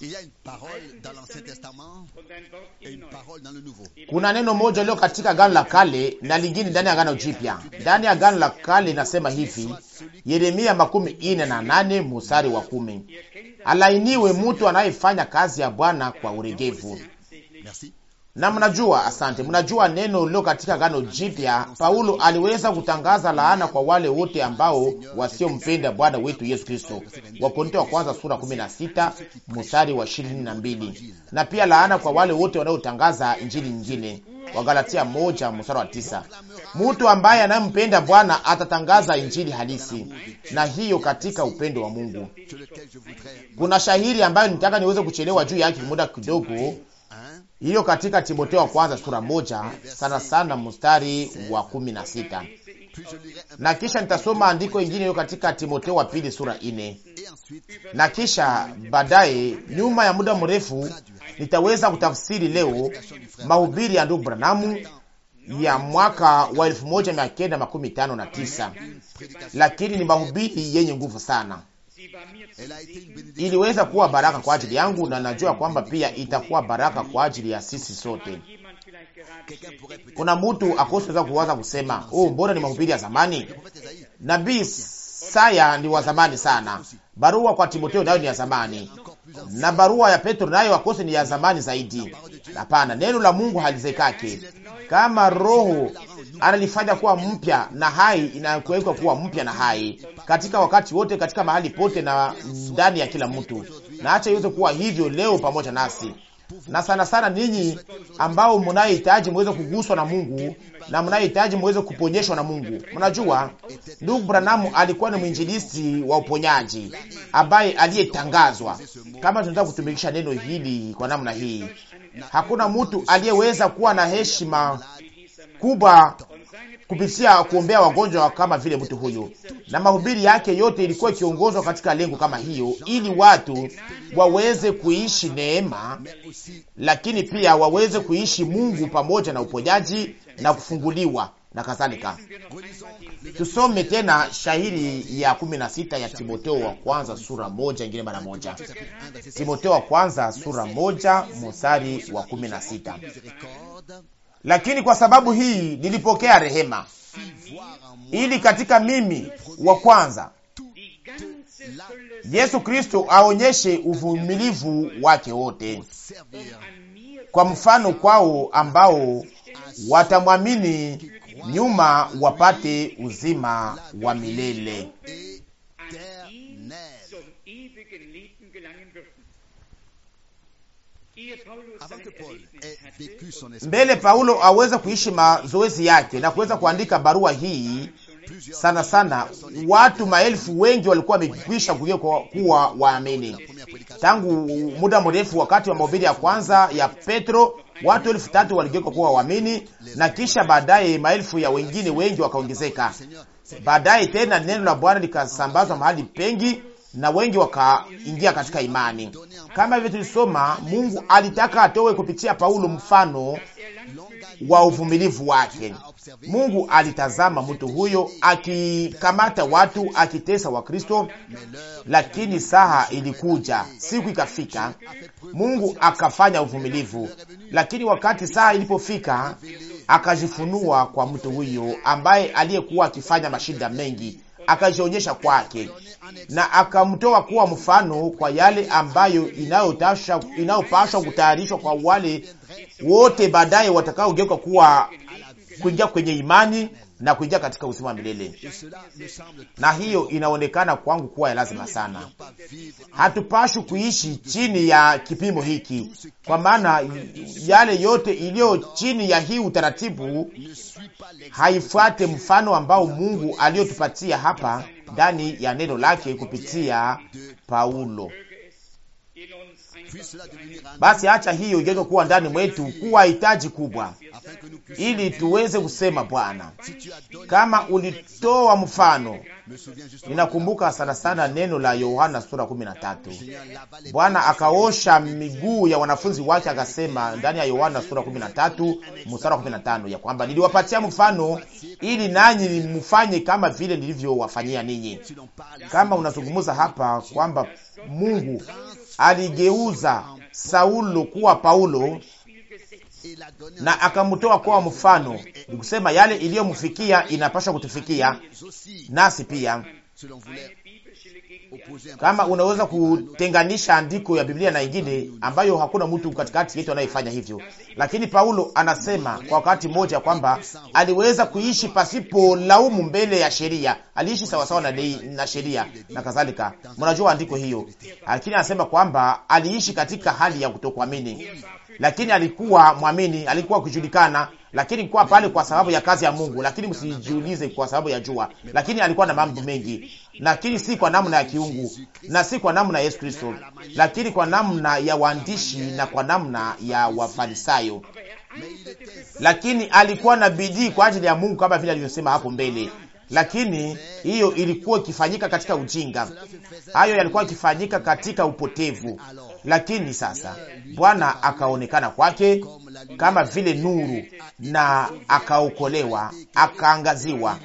Il y a une parole dans l'Ancien Testament et une parole dans le Nouveau. Kuna neno moja leo katika gano la Kale na lingine ndani ya gano Jipya. Ndani ya gano la Kale inasema hivi, Yeremia makumi ine na nane musari wa kumi, alainiwe mtu anayefanya kazi ya Bwana kwa uregevu na mnajua, asante, mnajua neno lilo katika gano Jipya, Paulo aliweza kutangaza laana kwa wale wote ambao wasiompenda Bwana wetu Yesu Kristo, Wakorintho wa kwanza sura 16 mstari wa 22, na pia laana kwa wale wote wanaotangaza injili nyingine, Wagalatia 1 mstari wa tisa. Mtu ambaye anayempenda Bwana atatangaza injili halisi, na hiyo katika upendo wa Mungu. Kuna shahiri ambayo nitaka niweze kuchelewa juu yake muda kidogo hiyo katika Timotheo wa kwanza sura moja sana sana mstari wa kumi na sita na kisha nitasoma andiko ingine hiyo katika Timotheo wa pili sura ine na kisha baadaye, nyuma ya muda mrefu, nitaweza kutafsiri leo mahubiri ya ndugu Branamu ya mwaka wa elfu moja mia kenda makumi tano na tisa, lakini ni mahubiri yenye nguvu sana iliweza kuwa baraka kwa ajili yangu, na najua kwamba pia itakuwa baraka kwa ajili ya sisi sote. Kuna mtu akosoweza kuwaza kusema oh, mbona ni mahubiri ya zamani? Nabii Isaya ni wa zamani sana, barua kwa timoteo nayo ni ya zamani, na barua ya Petro nayo akose ni ya zamani zaidi. Hapana, neno la Mungu halizekake kama roho analifanya kuwa mpya na hai, inakuwekwa kuwa mpya na hai katika wakati wote, katika mahali pote na ndani ya kila mtu. Na acha iweze kuwa hivyo leo pamoja nasi, na sana sana ninyi ambao mnahitaji mweze kuguswa na Mungu na mnahitaji mweze kuponyeshwa na Mungu. Mnajua ndugu Branham alikuwa ni mwinjilisti wa uponyaji ambaye aliyetangazwa. Kama tunataka kutumikisha neno hili kwa namna hii, hakuna mtu aliyeweza kuwa na heshima kubwa kupitia kuombea wagonjwa kama vile mtu huyu, na mahubiri yake yote ilikuwa ikiongozwa katika lengo kama hiyo, ili watu waweze kuishi neema, lakini pia waweze kuishi Mungu pamoja na uponyaji na kufunguliwa na kadhalika. Tusome tena shahiri ya kumi na sita ya Timoteo wa kwanza sura moja ingine mara moja. Timoteo wa kwanza sura moja mstari wa kumi na sita lakini kwa sababu hii nilipokea rehema, ili katika mimi wa kwanza Yesu Kristo aonyeshe uvumilivu wake wote kwa mfano kwao ambao watamwamini nyuma wapate uzima wa milele. Mbele Paulo aweze kuishi mazoezi yake na kuweza kuandika barua hii sana sana watu maelfu wengi walikuwa wamekwisha kuwa waamini tangu muda mrefu. Wakati wa mahubiri ya kwanza ya Petro watu elfu tatu waligeuka kuwa waamini, na kisha baadaye maelfu ya wengine wengi wakaongezeka. Baadaye tena neno la Bwana likasambazwa mahali pengi, na wengi wakaingia katika imani. Kama hivyo tulisoma, Mungu alitaka atowe kupitia Paulo mfano wa uvumilivu wake. Mungu alitazama mtu huyo akikamata watu akitesa Wakristo, lakini saha ilikuja, siku ikafika, Mungu akafanya uvumilivu, lakini wakati saha ilipofika, akajifunua kwa mtu huyo ambaye aliyekuwa akifanya mashida mengi akajionyesha kwake na akamtoa kuwa mfano kwa yale ambayo inayopashwa inayopashwa kutayarishwa kwa wale wote baadaye watakaogeuka kuwa kuingia kwenye imani na kuingia katika uzima wa milele, na hiyo inaonekana kwangu kuwa ya lazima sana. hatupashwi kuishi chini ya kipimo hiki, kwa maana yale yote iliyo chini ya hii utaratibu haifuate mfano ambao Mungu aliyotupatia hapa ndani ya neno lake kupitia Paulo basi acha hiyo igeuke kuwa ndani mwetu kuwa hitaji kubwa, ili tuweze kusema Bwana, kama ulitoa mfano. Ninakumbuka sana sana neno la Yohana sura 13. Bwana akaosha miguu ya wanafunzi wake akasema, ndani ya Yohana sura 13 mstari wa 15, ya kwamba niliwapatia mfano ili nanyi mfanye kama vile nilivyowafanyia ninyi. Kama unazungumza hapa kwamba Mungu aligeuza Saulo kuwa Paulo na akamtoa kuwa mfano, kusema yale iliyomfikia inapaswa kutufikia nasi pia kama unaweza kutenganisha andiko ya Biblia na ingine ambayo hakuna mtu katikati yetu anayefanya hivyo, lakini Paulo anasema kwa wakati mmoja kwamba aliweza kuishi pasipo laumu mbele ya sheria, aliishi sawasawa na, na sheria na kadhalika. Mnajua andiko hiyo, lakini anasema kwamba aliishi katika hali ya kutokuamini, lakini alikuwa mwamini, alikuwa kujulikana lakini kwa pale kwa sababu ya kazi ya Mungu, lakini msijiulize kwa sababu ya jua, lakini alikuwa na mambo mengi lakini si kwa namna ya kiungu na si kwa namna ya Yesu Kristo, lakini kwa namna ya waandishi na kwa namna ya Wafarisayo. Lakini alikuwa na bidii kwa ajili ya Mungu kama vile alivyosema hapo mbele, lakini hiyo ilikuwa ikifanyika katika ujinga, hayo yalikuwa ikifanyika katika upotevu. Lakini sasa Bwana akaonekana kwake kama vile nuru na akaokolewa, akaangaziwa,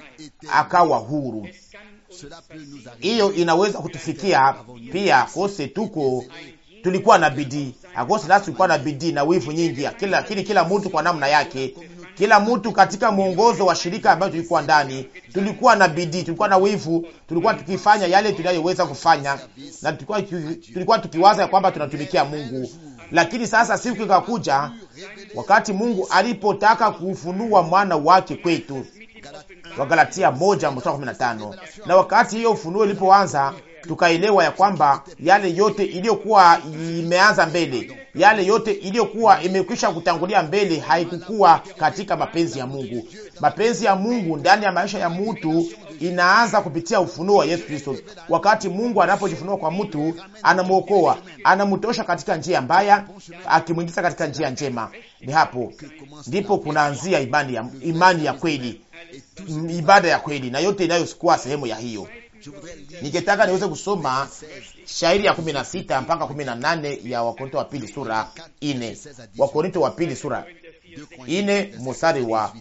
akawa huru hiyo inaweza kutufikia pia, kose tuko tulikuwa na bidii akose, nasi tulikuwa na bidii na wivu nyingi, lakini kila, mtu kwa namna yake, kila mtu katika mwongozo wa shirika ambayo tulikuwa ndani, tulikuwa na bidii, tulikuwa na wivu, tulikuwa tukifanya yale tunayoweza kufanya, na tulikuwa tulikuwa tukiwaza kwamba tunatumikia Mungu. Lakini sasa siku ikakuja wakati Mungu alipotaka kufunua mwana wake kwetu Wagalatia Galatia 1:15. na Na wakati hiyo ufunuo ilipoanza, tukaelewa ya kwamba yale yote iliyokuwa imeanza mbele, yale yote iliyokuwa imekwisha kutangulia mbele, haikukuwa katika mapenzi ya Mungu. Mapenzi ya Mungu ndani ya maisha ya mtu inaanza kupitia ufunuo wa Yesu Kristo. Wakati Mungu anapojifunua kwa mtu, anamwokoa, anamtosha katika njia mbaya, akimwingiza katika njia njema. Ni hapo ndipo kunaanzia imani ya, imani ya kweli ibada ya kweli na yote inayokuwa sehemu ya hiyo. Ningetaka niweze kusoma shairi ya kumi na sita mpaka kumi na nane ya Wakorinto wa pili sura ine. Wakorinto wa pili sura ine mstari wa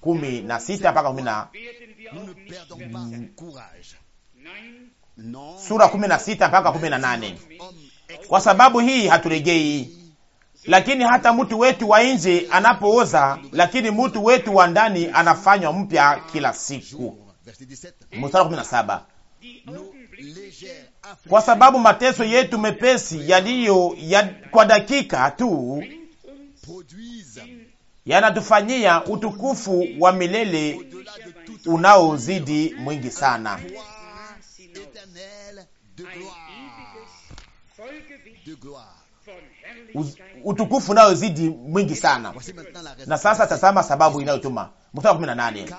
kumi na sita mpaka kumi na sura kumi na sita mpaka kumi na nane. Kwa sababu hii haturegei lakini hata mtu wetu wa nje anapooza, lakini mtu wetu wa ndani anafanywa mpya kila siku. Kwa sababu mateso yetu mepesi yaliyo ya kwa dakika tu yanatufanyia utukufu wa milele unaozidi mwingi sana. Uz utukufu zidi mwingi sana. Na sasa tazama sababu inayotuma, mstari 18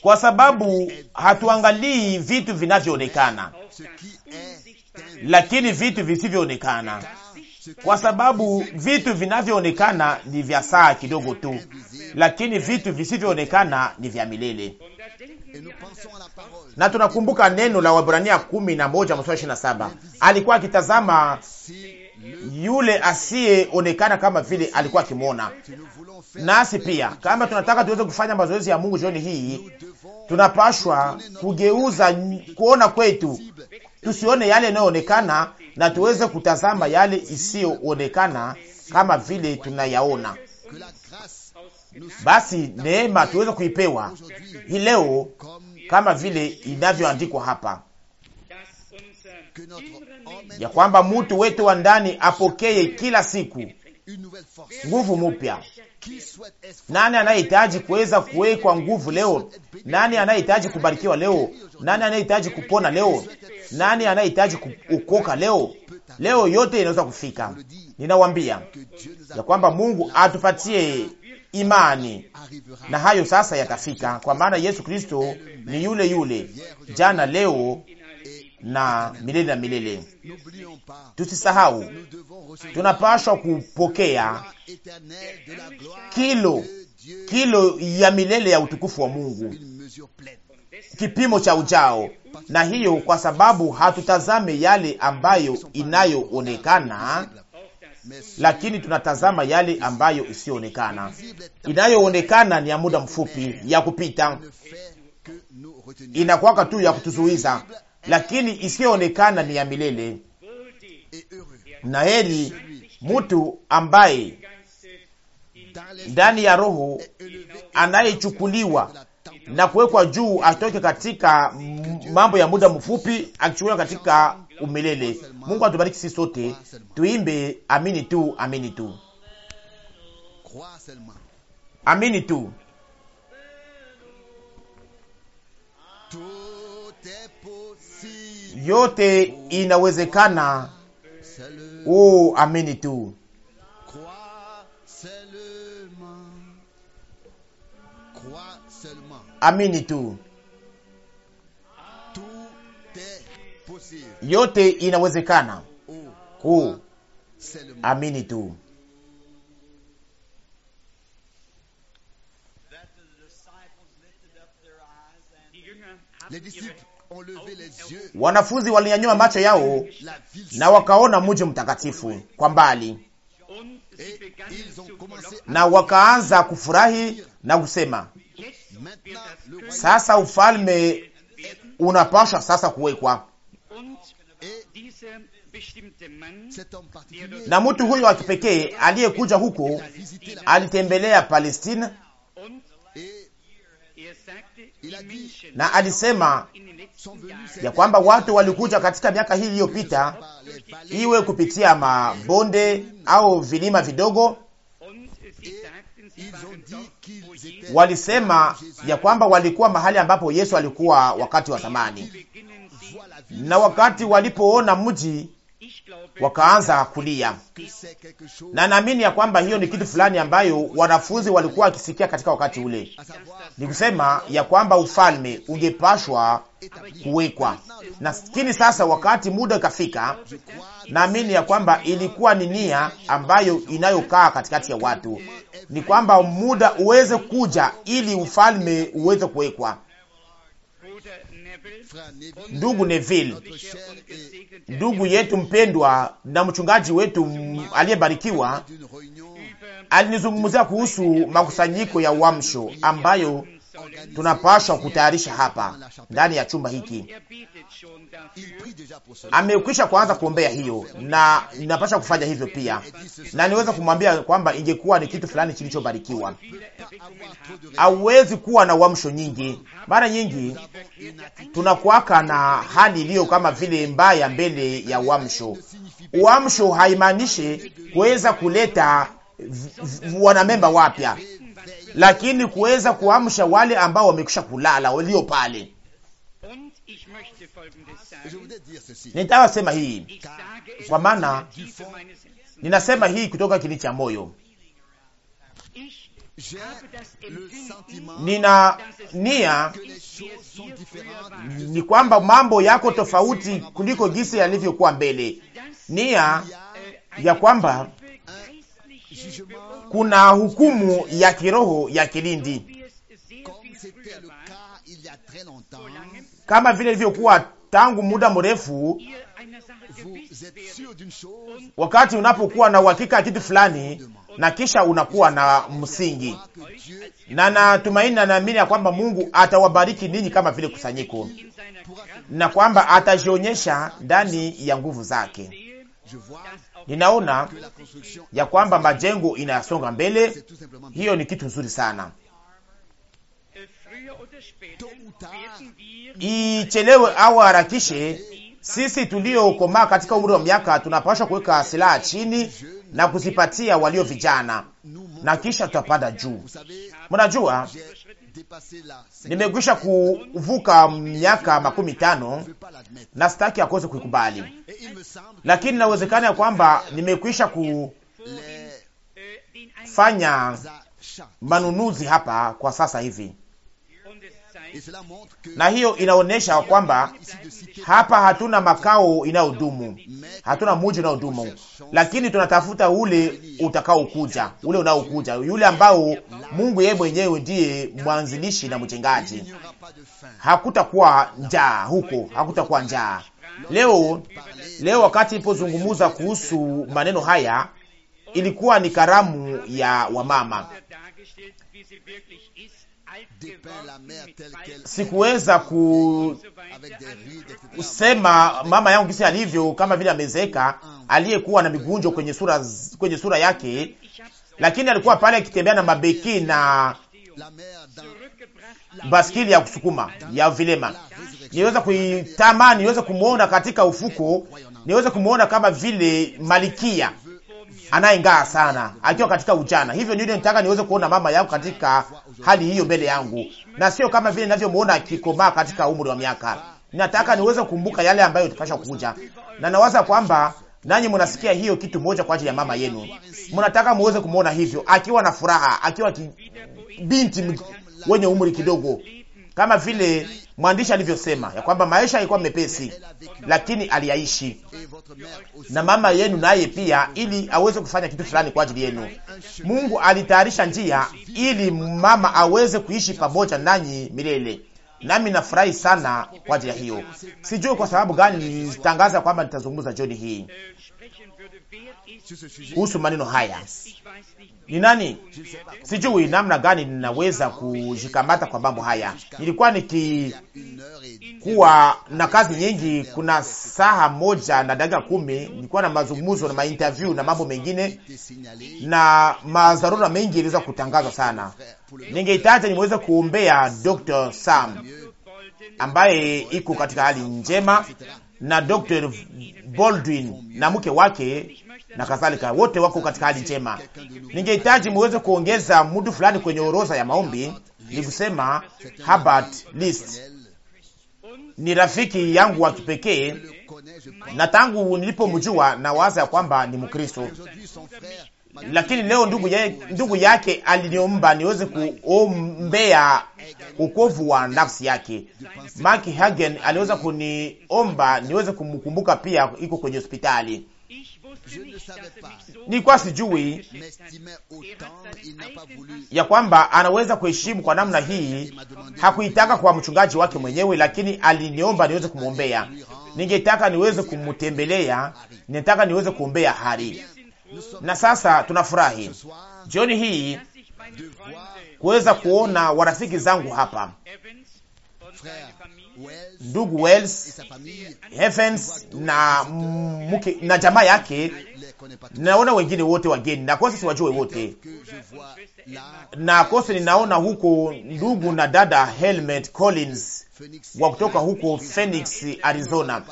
kwa sababu hatuangalii vitu vinavyoonekana, lakini vitu visivyoonekana, kwa sababu vitu vinavyoonekana ni vya saa kidogo tu, lakini vitu visivyoonekana ni vya milele. Na tunakumbuka neno la Waebrania kumi na moja mstari ishirini na saba alikuwa akitazama yule asiyeonekana kama vile alikuwa akimwona. Nasi pia kama tunataka tuweze kufanya mazoezi ya Mungu jioni hii, tunapashwa kugeuza kuona kwetu, tusione yale yanayoonekana na tuweze kutazama yale isiyoonekana kama vile tunayaona. Basi neema tuweze kuipewa hii leo kama vile inavyoandikwa hapa ya kwamba mutu wetu wa ndani apokee kila siku nguvu mupya. Nani anayehitaji kuweza kuwekwa nguvu leo? Nani anayehitaji kubarikiwa leo? Nani anayehitaji kupona leo? Nani anayehitaji kuokoka leo? Leo yote inaweza kufika. Ninawambia ya kwamba Mungu atupatie imani na hayo sasa yatafika, kwa maana Yesu Kristo ni yule yule jana, leo na milele na milele. Tusisahau, tunapashwa kupokea kilo kilo ya milele ya utukufu wa Mungu, kipimo cha ujao. Na hiyo kwa sababu hatutazame yale ambayo inayoonekana, lakini tunatazama yale ambayo isiyoonekana. Inayoonekana ni ya muda mfupi ya kupita, inakwaka tu ya kutuzuiza lakini isiyoonekana ni ya milele. Na heri mtu ambaye ndani ya Roho anayechukuliwa na kuwekwa juu atoke katika mambo ya muda mfupi, akichukuliwa katika umilele. Mungu atubariki sisi sote, tuimbe amini tu, amini tu, amini tu. yote inawezekana. Oh, amini tu, amini tu, yote inawezekana. Oh, amini tu. Wanafunzi walinyanyua macho yao na wakaona mji mtakatifu kwa mbali, na wakaanza kufurahi na kusema, sasa ufalme unapashwa sasa kuwekwa. Na mtu huyo wa kipekee aliyekuja huko alitembelea Palestina na alisema ya kwamba watu walikuja katika miaka hii iliyopita, iwe kupitia mabonde au vilima vidogo, walisema ya kwamba walikuwa mahali ambapo Yesu alikuwa wakati wa zamani, na wakati walipoona mji wakaanza kulia, na naamini ya kwamba hiyo ni kitu fulani ambayo wanafunzi walikuwa wakisikia katika wakati ule, ni kusema ya kwamba ufalme ungepashwa kuwekwa. Lakini sasa wakati muda ikafika, naamini ya kwamba ilikuwa ni nia ambayo inayokaa katikati ya watu, ni kwamba muda uweze kuja ili ufalme uweze kuwekwa ndugu Neville, ndugu yetu mpendwa na mchungaji wetu aliyebarikiwa, alinizungumzia kuhusu makusanyiko ya uamsho ambayo tunapashwa kutayarisha hapa ndani ya chumba hiki. Amekwisha kuanza kuombea hiyo, na ninapasha kufanya hivyo pia, na niweza kumwambia kwamba ingekuwa ni kitu fulani kilichobarikiwa. Hauwezi kuwa na uamsho nyingi. Mara nyingi tunakuwaka na hali iliyo kama vile mbaya mbele ya uamsho. Uamsho haimaanishi kuweza kuleta wanamemba wapya lakini kuweza kuamsha wale ambao wamekusha kulala walio pale. nitawasema sema hii kwa maana ninasema hii kutoka kini cha moyo. Nina nia ni kwamba mambo yako tofauti kuliko jinsi yalivyokuwa mbele, nia ya kwamba kuna hukumu ya kiroho ya kilindi, kama vile ilivyokuwa tangu muda mrefu. Wakati unapokuwa na uhakika ya kitu fulani, na kisha unakuwa na msingi, na natumaini na naamini ya kwamba Mungu atawabariki ninyi kama vile kusanyiko, na kwamba atajionyesha ndani ya nguvu zake ninaona ya kwamba majengo inayasonga mbele. Hiyo ni kitu nzuri sana, ichelewe au harakishe. Sisi tuliokomaa katika umri wa miaka tunapashwa kuweka silaha chini na kuzipatia walio vijana, na kisha tutapanda juu. Mnajua nimekwisha kuvuka miaka makumi tano na sitaki akose kuikubali, lakini inawezekana ya kwamba nimekwisha kufanya manunuzi hapa kwa sasa hivi na hiyo inaonyesha kwamba hapa hatuna makao inayodumu, hatuna muji unaodumu, lakini tunatafuta ule utakaokuja, ule unaokuja, yule ambao Mungu yeye mwenyewe ndiye mwanzilishi na mjengaji. Hakutakuwa njaa huko, hakutakuwa njaa. Leo leo wakati ipozungumuza kuhusu maneno haya, ilikuwa ni karamu ya wamama sikuweza kusema mama yangu gisi alivyo, kama vile amezeka, ah, aliyekuwa na migunjo kwenye sura, kwenye sura yake, lakini alikuwa pale akitembea na mabeki na baskili ya kusukuma ya vilema. Niweza kuitamani, niweza kumwona katika ufuko, niweza kumwona kama vile malikia anayengaa sana akiwa katika ujana. Hivyo ndio nitaka niweze kuona mama yako katika hali hiyo mbele yangu, na sio kama vile ninavyomuona akikomaa katika umri wa miaka. Nataka niweze kukumbuka yale ambayo itapasha kuja, na nawaza kwamba nanyi mnasikia hiyo kitu moja kwa ajili ya mama yenu. Mnataka muweze kumwona hivyo akiwa na furaha, akiwa ki... binti wenye umri kidogo, kama vile mwandishi alivyosema ya kwamba maisha yalikuwa mepesi, lakini aliyaishi, na mama yenu naye pia, ili aweze kufanya kitu fulani kwa ajili yenu. Mungu alitayarisha njia ili mama aweze kuishi pamoja nanyi milele, nami nafurahi sana kwa ajili ya hiyo. Sijui kwa sababu gani nilitangaza kwamba nitazungumza jioni hii kuhusu maneno haya. Ni nani? Sijui namna gani ninaweza kujikamata kwa mambo haya. Nilikuwa nikikuwa na kazi nyingi, kuna saha moja na dakika kumi nilikuwa na mazungumzo na mainterview na mambo mengine na madharura mengi iliweza kutangazwa sana. Ningehitaji niweze kuombea Dr. Sam ambaye iko katika hali njema na Dr. Baldwin na mke wake na kadhalika, wote wako katika hali njema. Ningehitaji muweze kuongeza mudu fulani kwenye orodha ya maombi, ni kusema Herbert List ni rafiki yangu wa kipekee, na tangu nilipomjua na waza ya kwamba ni Mkristo, lakini leo ndugu, ya, ndugu yake aliniomba niweze kuombea ukovu wa nafsi yake. Mark Hagen aliweza kuniomba niweze kumkumbuka pia, iko kwenye hospitali nilikuwa sijui ya kwamba anaweza kuheshimu kwa namna hii. Hakuitaka kwa mchungaji wake mwenyewe, lakini aliniomba niweze kumwombea. Ningetaka niweze kumtembelea, ningetaka niweze kuombea hari Na sasa tunafurahi jioni hii kuweza kuona warafiki zangu hapa, ndugu Wells Evans na mke na jamaa yake ninaona wengine wote wageni, na nakose siwajue wote, na kosi ninaona huko ndugu na dada Helmet Collins wa kutoka huko Phoenix, Arizona.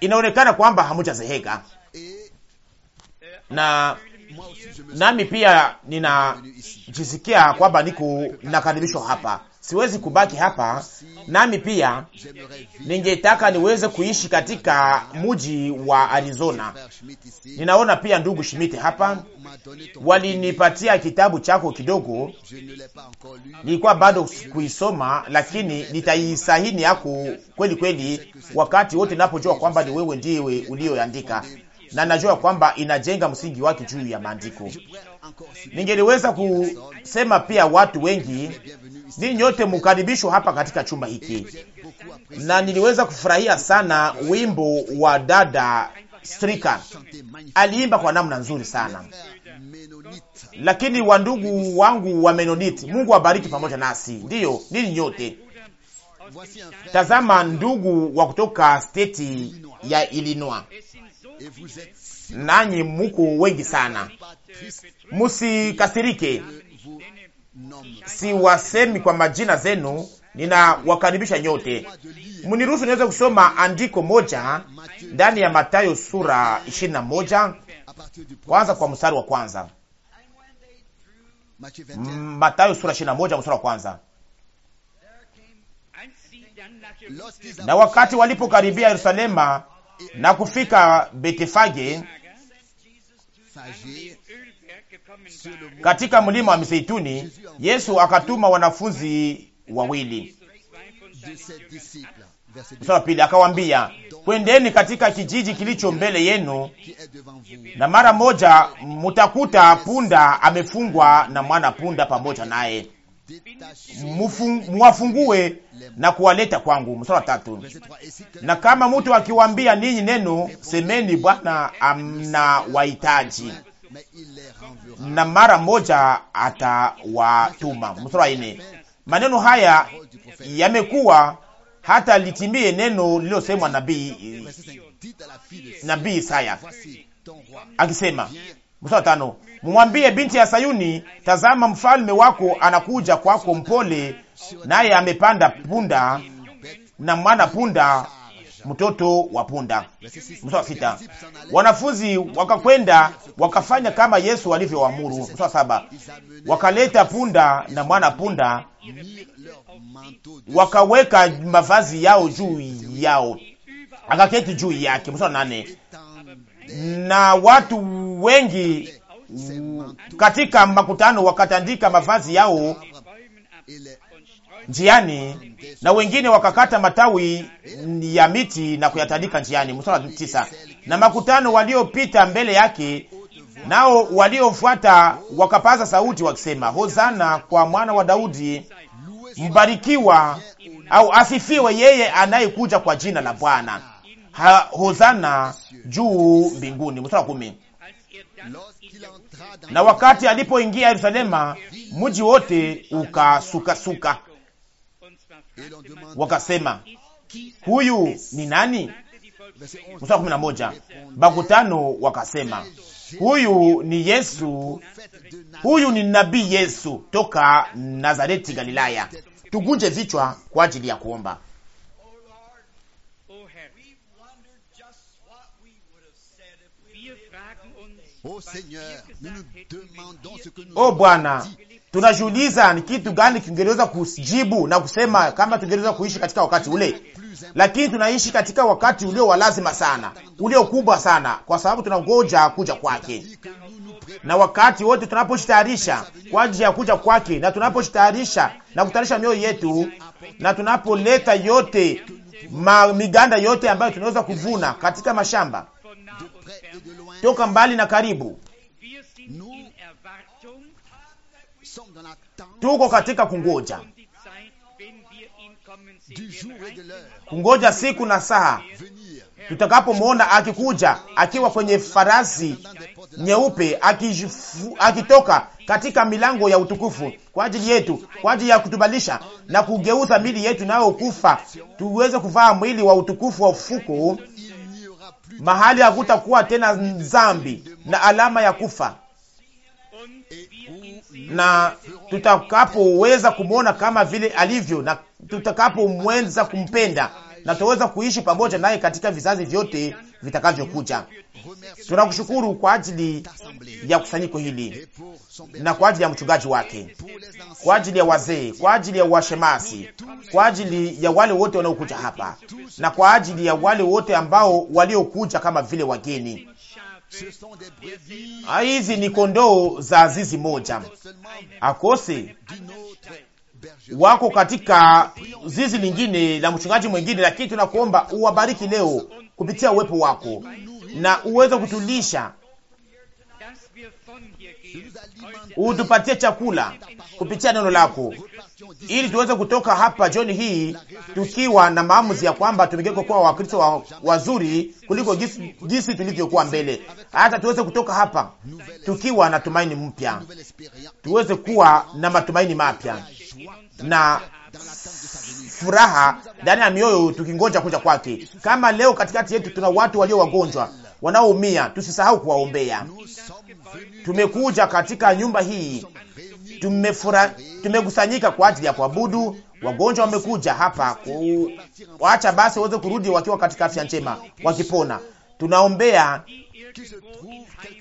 Inaonekana kwamba hamujazeheka na nami pia ninajisikia kwamba niko nakaribishwa hapa siwezi kubaki hapa, nami pia ningetaka niweze kuishi katika mji wa Arizona. Ninaona pia ndugu Schmidt hapa, walinipatia kitabu chako kidogo, nilikuwa bado kuisoma, lakini nitaisahini yako kweli kweli, wakati wote ninapojua kwamba ni wewe ndiwe uliyoandika na najua kwamba inajenga msingi wake juu ya maandiko. Ningeliweza kusema pia watu wengi Ninyi nyote mukaribishwa hapa katika chumba hiki, na niliweza kufurahia sana wimbo wa dada Strika, aliimba kwa namna nzuri sana lakini wandugu wangu wa menonit Mungu abariki pamoja nasi, ndiyo nini nyote. Tazama ndugu wa kutoka steti ya Illinois, nanyi muko wengi sana, musikasirike si wasemi kwa majina zenu, ninawakaribisha nyote. Mniruhusu niweze kusoma andiko moja ndani ya Mathayo sura 21 kwanza kwa mstari wa kwanza. Mathayo sura 21 mstari wa kwanza. Na wakati walipokaribia Yerusalema na kufika Betifage, katika mlima wa Mizeituni, Yesu akatuma wanafunzi wawili. Mstari wa pili akawambia, kwendeni katika kijiji kilicho mbele yenu, na mara moja mutakuta punda amefungwa na mwana punda pamoja naye, muwafungue na kuwaleta kwangu. Mstari wa tatu na kama mtu akiwambia ninyi neno, semeni Bwana amna wahitaji na mara moja atawatuma. Mstari wa nne, maneno haya yamekuwa hata litimie neno lililosemwa nabii nabii Isaya akisema, mstari wa tano, mumwambie binti ya Sayuni, tazama mfalme wako anakuja kwako, mpole naye amepanda punda na mwana punda mtoto wa punda. Mstari wa sita, wanafunzi wakakwenda wakafanya kama Yesu alivyoamuru. Mstari wa saba, wakaleta punda na mwana punda, wakaweka mavazi yao juu yao, akaketi juu yake. Mstari wa nane, na watu wengi katika makutano wakatandika mavazi yao njiani, na wengine wakakata matawi ya miti na kuyatandika njiani. Mstari wa tisa, na makutano waliopita mbele yake nao waliofuata wakapaza sauti wakisema, hozana kwa mwana wa Daudi, mbarikiwa au asifiwe yeye anayekuja kwa jina la Bwana, hozana juu mbinguni. Mstari wa kumi, na wakati alipoingia Yerusalema, mji wote ukasukasuka wakasema huyu ni nani? Mstari kumi na moja bakutano wakasema huyu ni Yesu, huyu ni nabii Yesu toka Nazareti Galilaya. Tugunje vichwa kwa ajili ya kuomba. O Bwana, tunajiuliza ni kitu gani kingeliweza kujibu na kusema kama tungeliweza kuishi katika wakati ule, lakini tunaishi katika wakati ulio wa lazima sana, ulio kubwa sana, kwa sababu tunangoja kuja kwake. Na wakati wote tunapojitayarisha kwa ajili ya kuja kwake, na tunapojitayarisha na kutayarisha mioyo yetu, na tunapoleta yote ma, miganda yote ambayo tunaweza kuvuna katika mashamba toka mbali na karibu tuko katika kungoja, kungoja siku na saa tutakapomwona akikuja akiwa kwenye farasi nyeupe akitoka katika milango ya utukufu kwa ajili yetu, kwa ajili ya kutubalisha na kugeuza mili yetu inayokufa tuweze kuvaa mwili wa utukufu wa ufuko. Mahali hakutakuwa tena dhambi na alama ya kufa, na tutakapoweza kumwona kama vile alivyo, na tutakapomwenza kumpenda, na tutaweza kuishi pamoja naye katika vizazi vyote vitakavyokuja. Tunakushukuru kwa ajili ya kusanyiko hili na kwa ajili ya mchungaji wake, kwa ajili ya wazee, kwa ajili ya washemasi, kwa ajili ya wale wote wanaokuja hapa na kwa ajili ya wale wote ambao waliokuja kama vile wageni Ah, hizi ni kondoo za zizi moja, akose wako katika zizi lingine la mchungaji mwingine, lakini tunakuomba uwabariki leo kupitia uwepo wako na uweze kutulisha utupatie chakula kupitia neno lako, ili tuweze kutoka hapa jioni hii tukiwa na maamuzi ya kwamba tumegeuka kuwa Wakristo wazuri kuliko jinsi, jinsi tulivyokuwa mbele, hata tuweze kutoka hapa tukiwa na tumaini mpya, tuweze kuwa na matumaini mapya na furaha ndani ya mioyo tukingoja kuja kwake. Kama leo katikati yetu tuna watu walio wagonjwa wanaoumia, tusisahau kuwaombea tumekuja katika nyumba hii, tumefura, tumekusanyika kwa ajili ya kuabudu. Wagonjwa wamekuja hapa, waacha basi waweze kurudi wakiwa katika afya njema, wakipona. Tunaombea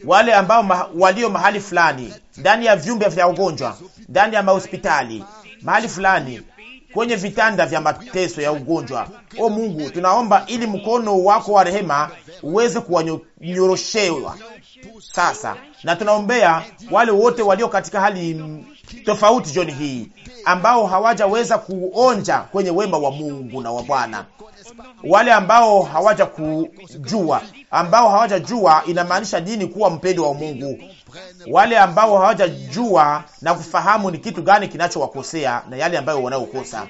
wale ambao ma, walio mahali fulani ndani ya vyumba vya wagonjwa, ndani ya mahospitali mahali fulani kwenye vitanda vya mateso ya ugonjwa. O Mungu, tunaomba ili mkono wako wa rehema uweze kuwanyoroshewa sasa, na tunaombea wale wote walio katika hali tofauti jioni hii ambao hawajaweza kuonja kwenye wema wa Mungu na wa Bwana, wale ambao hawaja kujua, ambao hawajajua inamaanisha nini kuwa mpendo wa Mungu, wale ambao hawajajua na kufahamu ni kitu gani kinachowakosea na yale ambayo wanayokosa.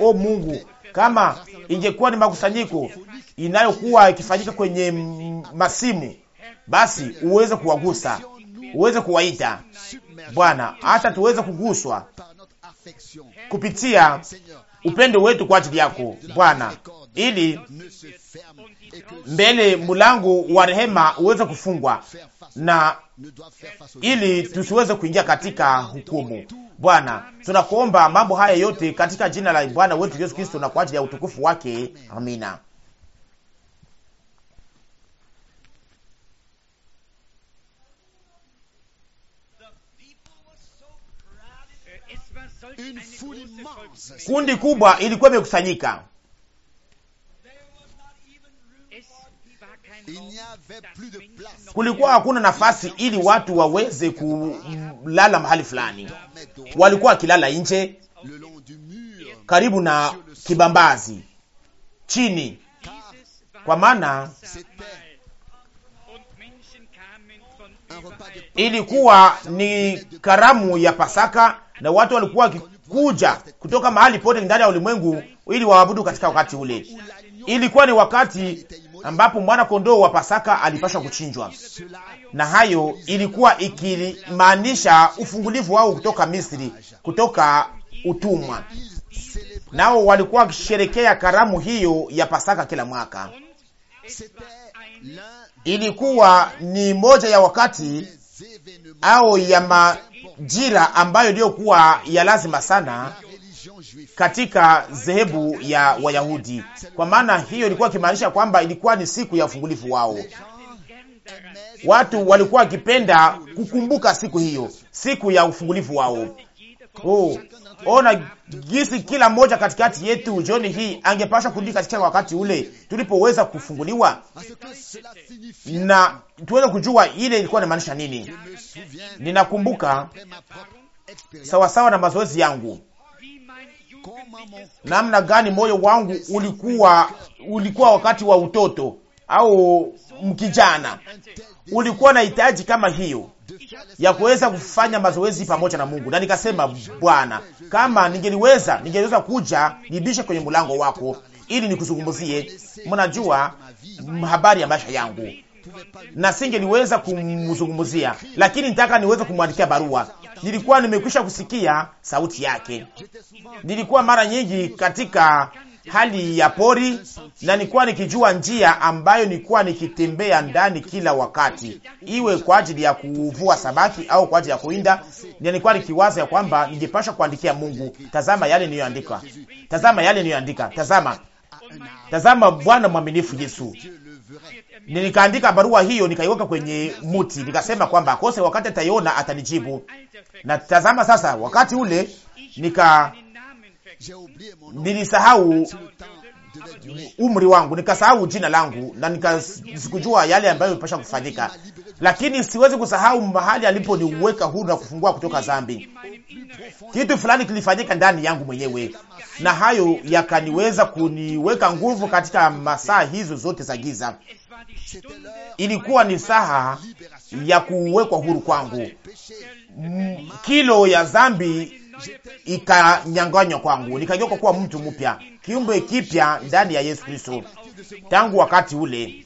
O Mungu, kama ingekuwa ni makusanyiko inayokuwa ikifanyika kwenye masimu, basi uweze kuwagusa, uweze kuwaita Bwana, hata tuweze kuguswa kupitia upendo wetu kwa ajili yako Bwana, ili mbele mlango wa rehema uweze kufungwa na ili tusiweze kuingia katika hukumu. Bwana, tunakuomba mambo haya yote katika jina la Bwana wetu Yesu Kristo na kwa ajili ya utukufu wake. Amina. Kundi kubwa ilikuwa imekusanyika kulikuwa hakuna nafasi ili watu waweze kulala mahali fulani, walikuwa wakilala nje karibu na kibambazi chini, kwa maana ilikuwa ni karamu ya Pasaka na watu walikuwa wakikuja kutoka mahali pote ndani ya ulimwengu ili waabudu katika wakati ule. Ilikuwa ni wakati ambapo mwana kondoo wa Pasaka alipaswa kuchinjwa, na hayo ilikuwa ikimaanisha ufungulivu wao kutoka Misri, kutoka utumwa. Nao walikuwa wakisherekea karamu hiyo ya Pasaka kila mwaka. Ilikuwa ni moja ya wakati au ya majira ambayo iliyokuwa ya lazima sana katika dhehebu ya Wayahudi, kwa maana hiyo ilikuwa ikimaanisha kwamba ilikuwa ni siku ya ufungulivu wao. Watu walikuwa wakipenda kukumbuka siku hiyo, siku ya ufungulivu wao. Oh, ona jinsi kila mmoja katikati yetu jioni hii angepashwa kurudi katika wakati ule tulipoweza kufunguliwa na tuweze kujua ile ilikuwa inamaanisha nini. Ninakumbuka sawasawa na mazoezi yangu namna gani moyo wangu ulikuwa ulikuwa wakati wa utoto au mkijana, ulikuwa na hitaji kama hiyo ya kuweza kufanya mazoezi pamoja na Mungu, na nikasema, Bwana, kama ningeliweza, ningeliweza kuja nibishe kwenye mlango wako ili nikuzungumzie. Mnajua habari ya maisha yangu, na singeliweza kumzungumzia, lakini nitaka niweze kumwandikia barua. Nilikuwa nimekwisha kusikia sauti yake, nilikuwa mara nyingi katika hali ya pori, na nilikuwa nikijua njia ambayo nilikuwa nikitembea ndani kila wakati, iwe kwa ajili ya kuvua samaki au kwa ajili ya kuinda. Nilikuwa nikiwaza ya kwamba ningepasha kuandikia Mungu, tazama yale niyoandika, tazama yale niyoandika, tazama, tazama Bwana mwaminifu Yesu nilikaandika barua hiyo nikaiweka kwenye muti, nikasema kwamba kose wakati ataiona atanijibu. Na tazama sasa, wakati ule nika nilisahau umri wangu, nikasahau jina langu na nikasikujua yale ambayo imepasha kufanyika, lakini siwezi kusahau mahali aliponiweka huru na kufungua kutoka dhambi. Kitu fulani kilifanyika ndani yangu mwenyewe, na hayo yakaniweza kuniweka nguvu katika masaa hizo zote za giza. Ilikuwa ni saha ya kuwekwa huru kwangu. Kilo ya dhambi ikanyanganywa kwangu, nikageuka kuwa mtu mpya, kiumbe kipya ndani ya Yesu Kristo. Tangu wakati ule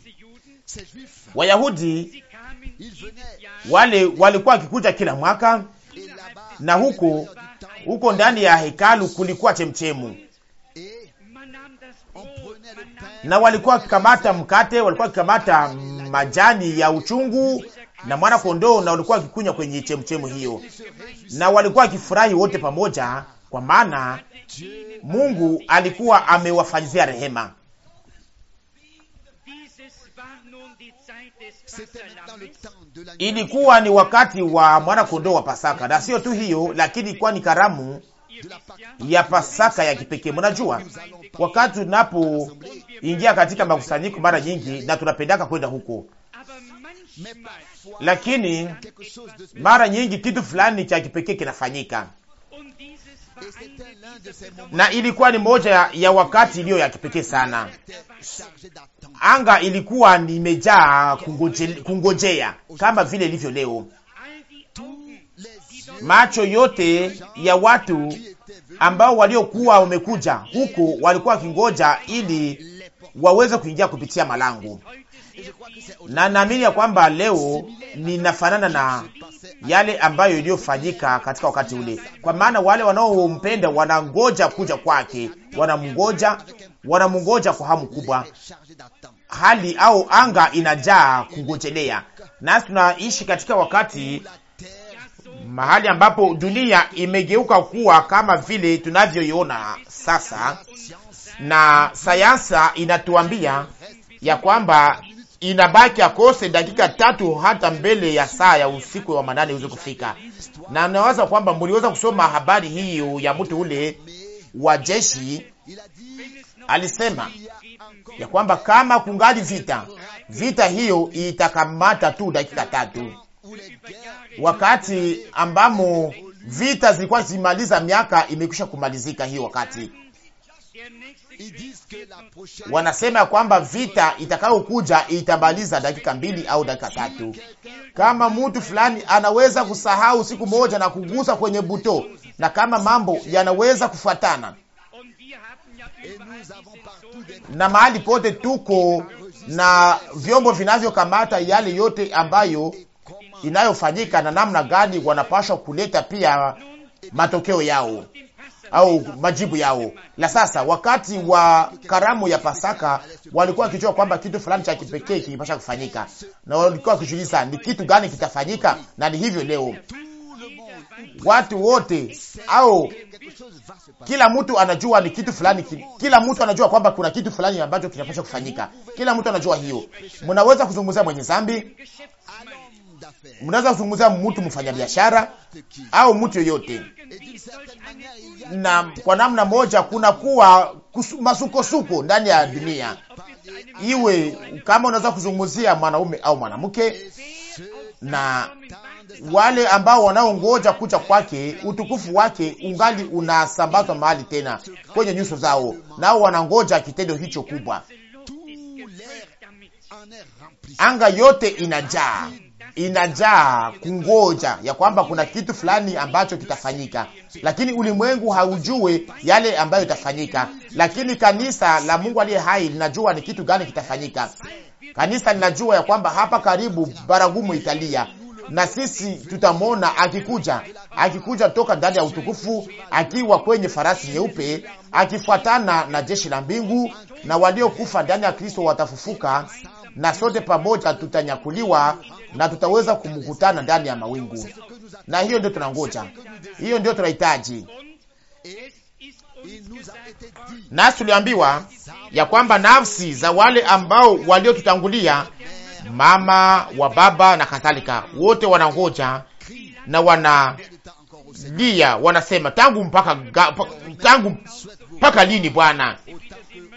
Wayahudi wale walikuwa wakikuja kila mwaka, na huko huko ndani ya hekalu kulikuwa chemchemu, na walikuwa wakikamata mkate, walikuwa wakikamata majani ya uchungu na mwana kondoo, na walikuwa wakikunywa kwenye chemchemu hiyo, na walikuwa wakifurahi wote pamoja, kwa maana Mungu alikuwa amewafanyizia rehema. Ilikuwa ni wakati wa mwana kondoo wa Pasaka, na sio tu hiyo, lakini ilikuwa ni karamu ya Pasaka ya kipekee. Mnajua, wakati tunapoingia katika makusanyiko mara nyingi, na tunapendaka kwenda huko lakini mara nyingi kitu fulani cha kipekee kinafanyika, na ilikuwa ni moja ya wakati iliyo ya kipekee sana. Anga ilikuwa nimejaa kungoje, kungojea kama vile ilivyo leo. Macho yote ya watu ambao waliokuwa wamekuja huku walikuwa wakingoja ili waweze kuingia kupitia malango na naamini ya kwamba leo ninafanana na yale ambayo iliyofanyika katika wakati ule, kwa maana wale wanaompenda wanangoja kuja kwake, wanamngoja, wanamngoja kwa hamu kubwa. Hali au anga inajaa kungojelea, nasi tunaishi katika wakati mahali ambapo dunia imegeuka kuwa kama vile tunavyoiona sasa, na sayansa inatuambia ya kwamba inabaki akose dakika tatu hata mbele ya saa ya usiku wa manane uweze kufika, na nawaza kwamba mliweza kusoma habari hiyo ya mtu ule wa jeshi. Alisema ya kwamba kama kungali vita, vita hiyo itakamata tu dakika tatu, wakati ambamo vita zilikuwa zimaliza miaka imekwisha kumalizika. Hii wakati wanasema ya kwamba vita itakayokuja itamaliza dakika mbili au dakika tatu. Kama mtu fulani anaweza kusahau siku moja na kugusa kwenye buto, na kama mambo yanaweza kufuatana na mahali pote tuko na vyombo vinavyokamata yale yote ambayo inayofanyika na namna gani wanapashwa kuleta pia matokeo yao au majibu yao. La sasa, wakati wa karamu ya Pasaka walikuwa wakijua kwamba kitu fulani cha kipekee kilipasha kufanyika, na walikuwa wakijiuliza ni kitu gani kitafanyika, na ni hivyo leo watu wote au kila mtu anajua ni kitu fulani ki, kila mtu anajua kwamba kuna kitu fulani ambacho kinapaswa kufanyika. Kila mtu anajua hiyo. Mnaweza kuzungumzia mwenye zambi mnaweza kuzungumzia mtu mfanyabiashara au mtu yoyote, na kwa namna moja kuna kuwa masukosuko ndani ya dunia, iwe kama unaweza kuzungumzia mwanaume au mwanamke na wale ambao wanaongoja kucha kwake, utukufu wake ungali unasambazwa mahali tena kwenye nyuso zao, nao wanangoja kitendo hicho kubwa. Anga yote inajaa inajaa kungoja ya kwamba kuna kitu fulani ambacho kitafanyika, lakini ulimwengu haujue yale ambayo itafanyika, lakini kanisa la Mungu aliye hai linajua ni kitu gani kitafanyika. Kanisa linajua ya kwamba hapa karibu baragumu italia, na sisi tutamwona akikuja, akikuja toka ndani ya utukufu, akiwa kwenye farasi nyeupe, akifuatana na jeshi la mbingu, na waliokufa ndani ya Kristo watafufuka na sote pamoja tutanyakuliwa na tutaweza kumkutana ndani ya mawingu, na hiyo ndio tunangoja, hiyo ndio tunahitaji. Nasi tuliambiwa ya kwamba nafsi za wale ambao waliotutangulia, mama wa baba na kadhalika, wote wanangoja na wanalia, wanasema tangu mpaka tangu mpaka lini Bwana?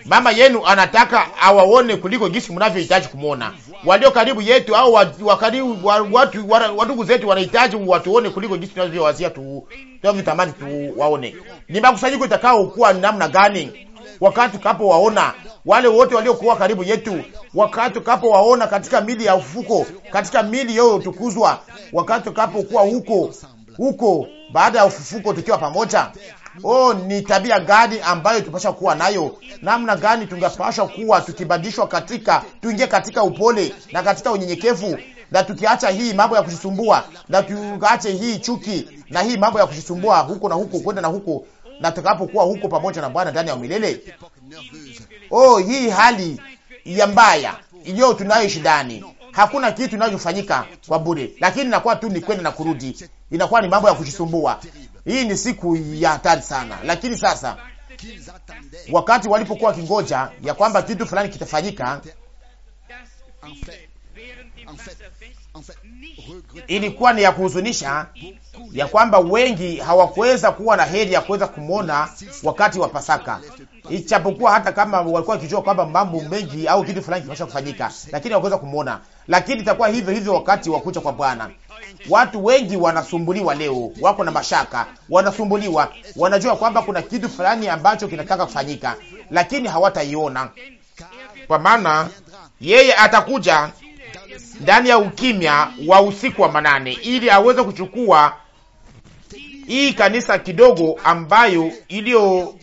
Mama yenu anataka awaone kuliko jinsi mnavyohitaji kumwona. Walio karibu yetu au wakaribu watu wadugu zetu wanahitaji watuone kuliko jinsi tunavyowazia tu tunavyotamani waone. Ni makusanyiko itakao kuwa namna gani? Wakati kapo waona wale wote waliokuwa karibu yetu, wakati kapo waona katika mili ya ufuko, katika mili yao tukuzwa, wakati kapo kuwa huko huko baada ya ufufuko tukiwa pamoja, Oh, ni tabia gani ambayo tupasha kuwa nayo? Namna gani tungepashwa kuwa tukibadilishwa katika, tuingie katika upole na katika unyenyekevu, na tukiacha hii mambo ya kujisumbua, na tuache hii chuki na hii mambo ya kujisumbua huko na huko kwenda na huko, na tukapokuwa huko pamoja na Bwana ndani ya milele. Oh, hii hali ya mbaya iliyo tunayo shidani hakuna kitu inachofanyika kwa bure, lakini inakuwa tu ni kwenda na kurudi, inakuwa ni mambo ya kujisumbua, hii ni siku ya hatari sana. Lakini sasa, wakati walipokuwa wakingoja ya kwamba kitu fulani kitafanyika, ilikuwa ni ya kuhuzunisha ya kwamba wengi hawakuweza kuwa na heri ya kuweza kumwona wakati wa Pasaka, ichapokuwa hata kama walikuwa wakijua kwamba mambo mengi au kitu fulani kimesha kufanyika, lakini hawakuweza kumwona. Lakini itakuwa hivyo hivyo wakati wa kucha kwa Bwana. Watu wengi wanasumbuliwa leo, wako na mashaka, wanasumbuliwa, wanajua kwamba kuna kitu fulani ambacho kinataka kufanyika, lakini hawataiona, kwa maana yeye atakuja ndani ya ukimya wa usiku wa manane, ili aweze kuchukua hii kanisa kidogo ambayo iliyo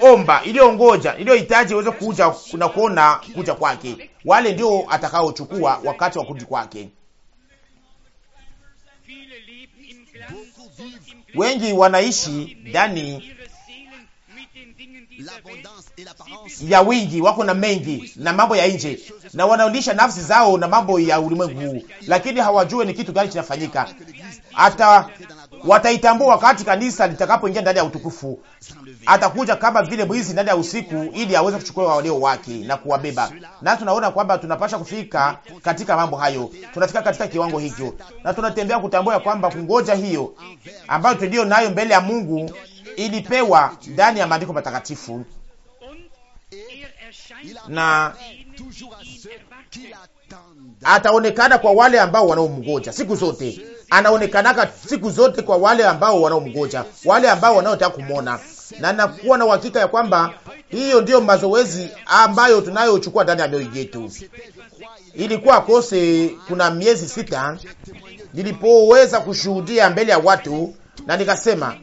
omba iliyongoja iliyohitaji iweze kuja na kuona kuja kwake, wale ndio atakaochukua wakati wa kurudi kwake. Wengi wanaishi ndani ya wingi, wako na mengi na mambo ya nje, na wanaulisha nafsi zao na mambo ya ulimwengu huu, lakini hawajue ni kitu gani kinafanyika hata wataitambua wakati kanisa litakapoingia ndani ya utukufu. Atakuja kama vile mwizi ndani ya usiku, ili aweze kuchukua walio wake na kuwabeba. Na tunaona kwamba tunapasha kufika katika mambo hayo, tunafika katika kiwango hicho, na tunatembea kutambua kwamba kungoja hiyo ambayo tulio nayo mbele ya Mungu ilipewa ndani ya maandiko matakatifu na ataonekana kwa wale ambao wanaomngoja siku zote anaonekanaka siku zote kwa wale ambao wanaomgoja, wale ambao wanaotaka kumwona, na nakuwa na uhakika ya kwamba hiyo ndiyo mazoezi ambayo tunayochukua ndani ya mioyo yetu. Ilikuwa kose kuna miezi sita nilipoweza kushuhudia mbele ya watu, na nikasema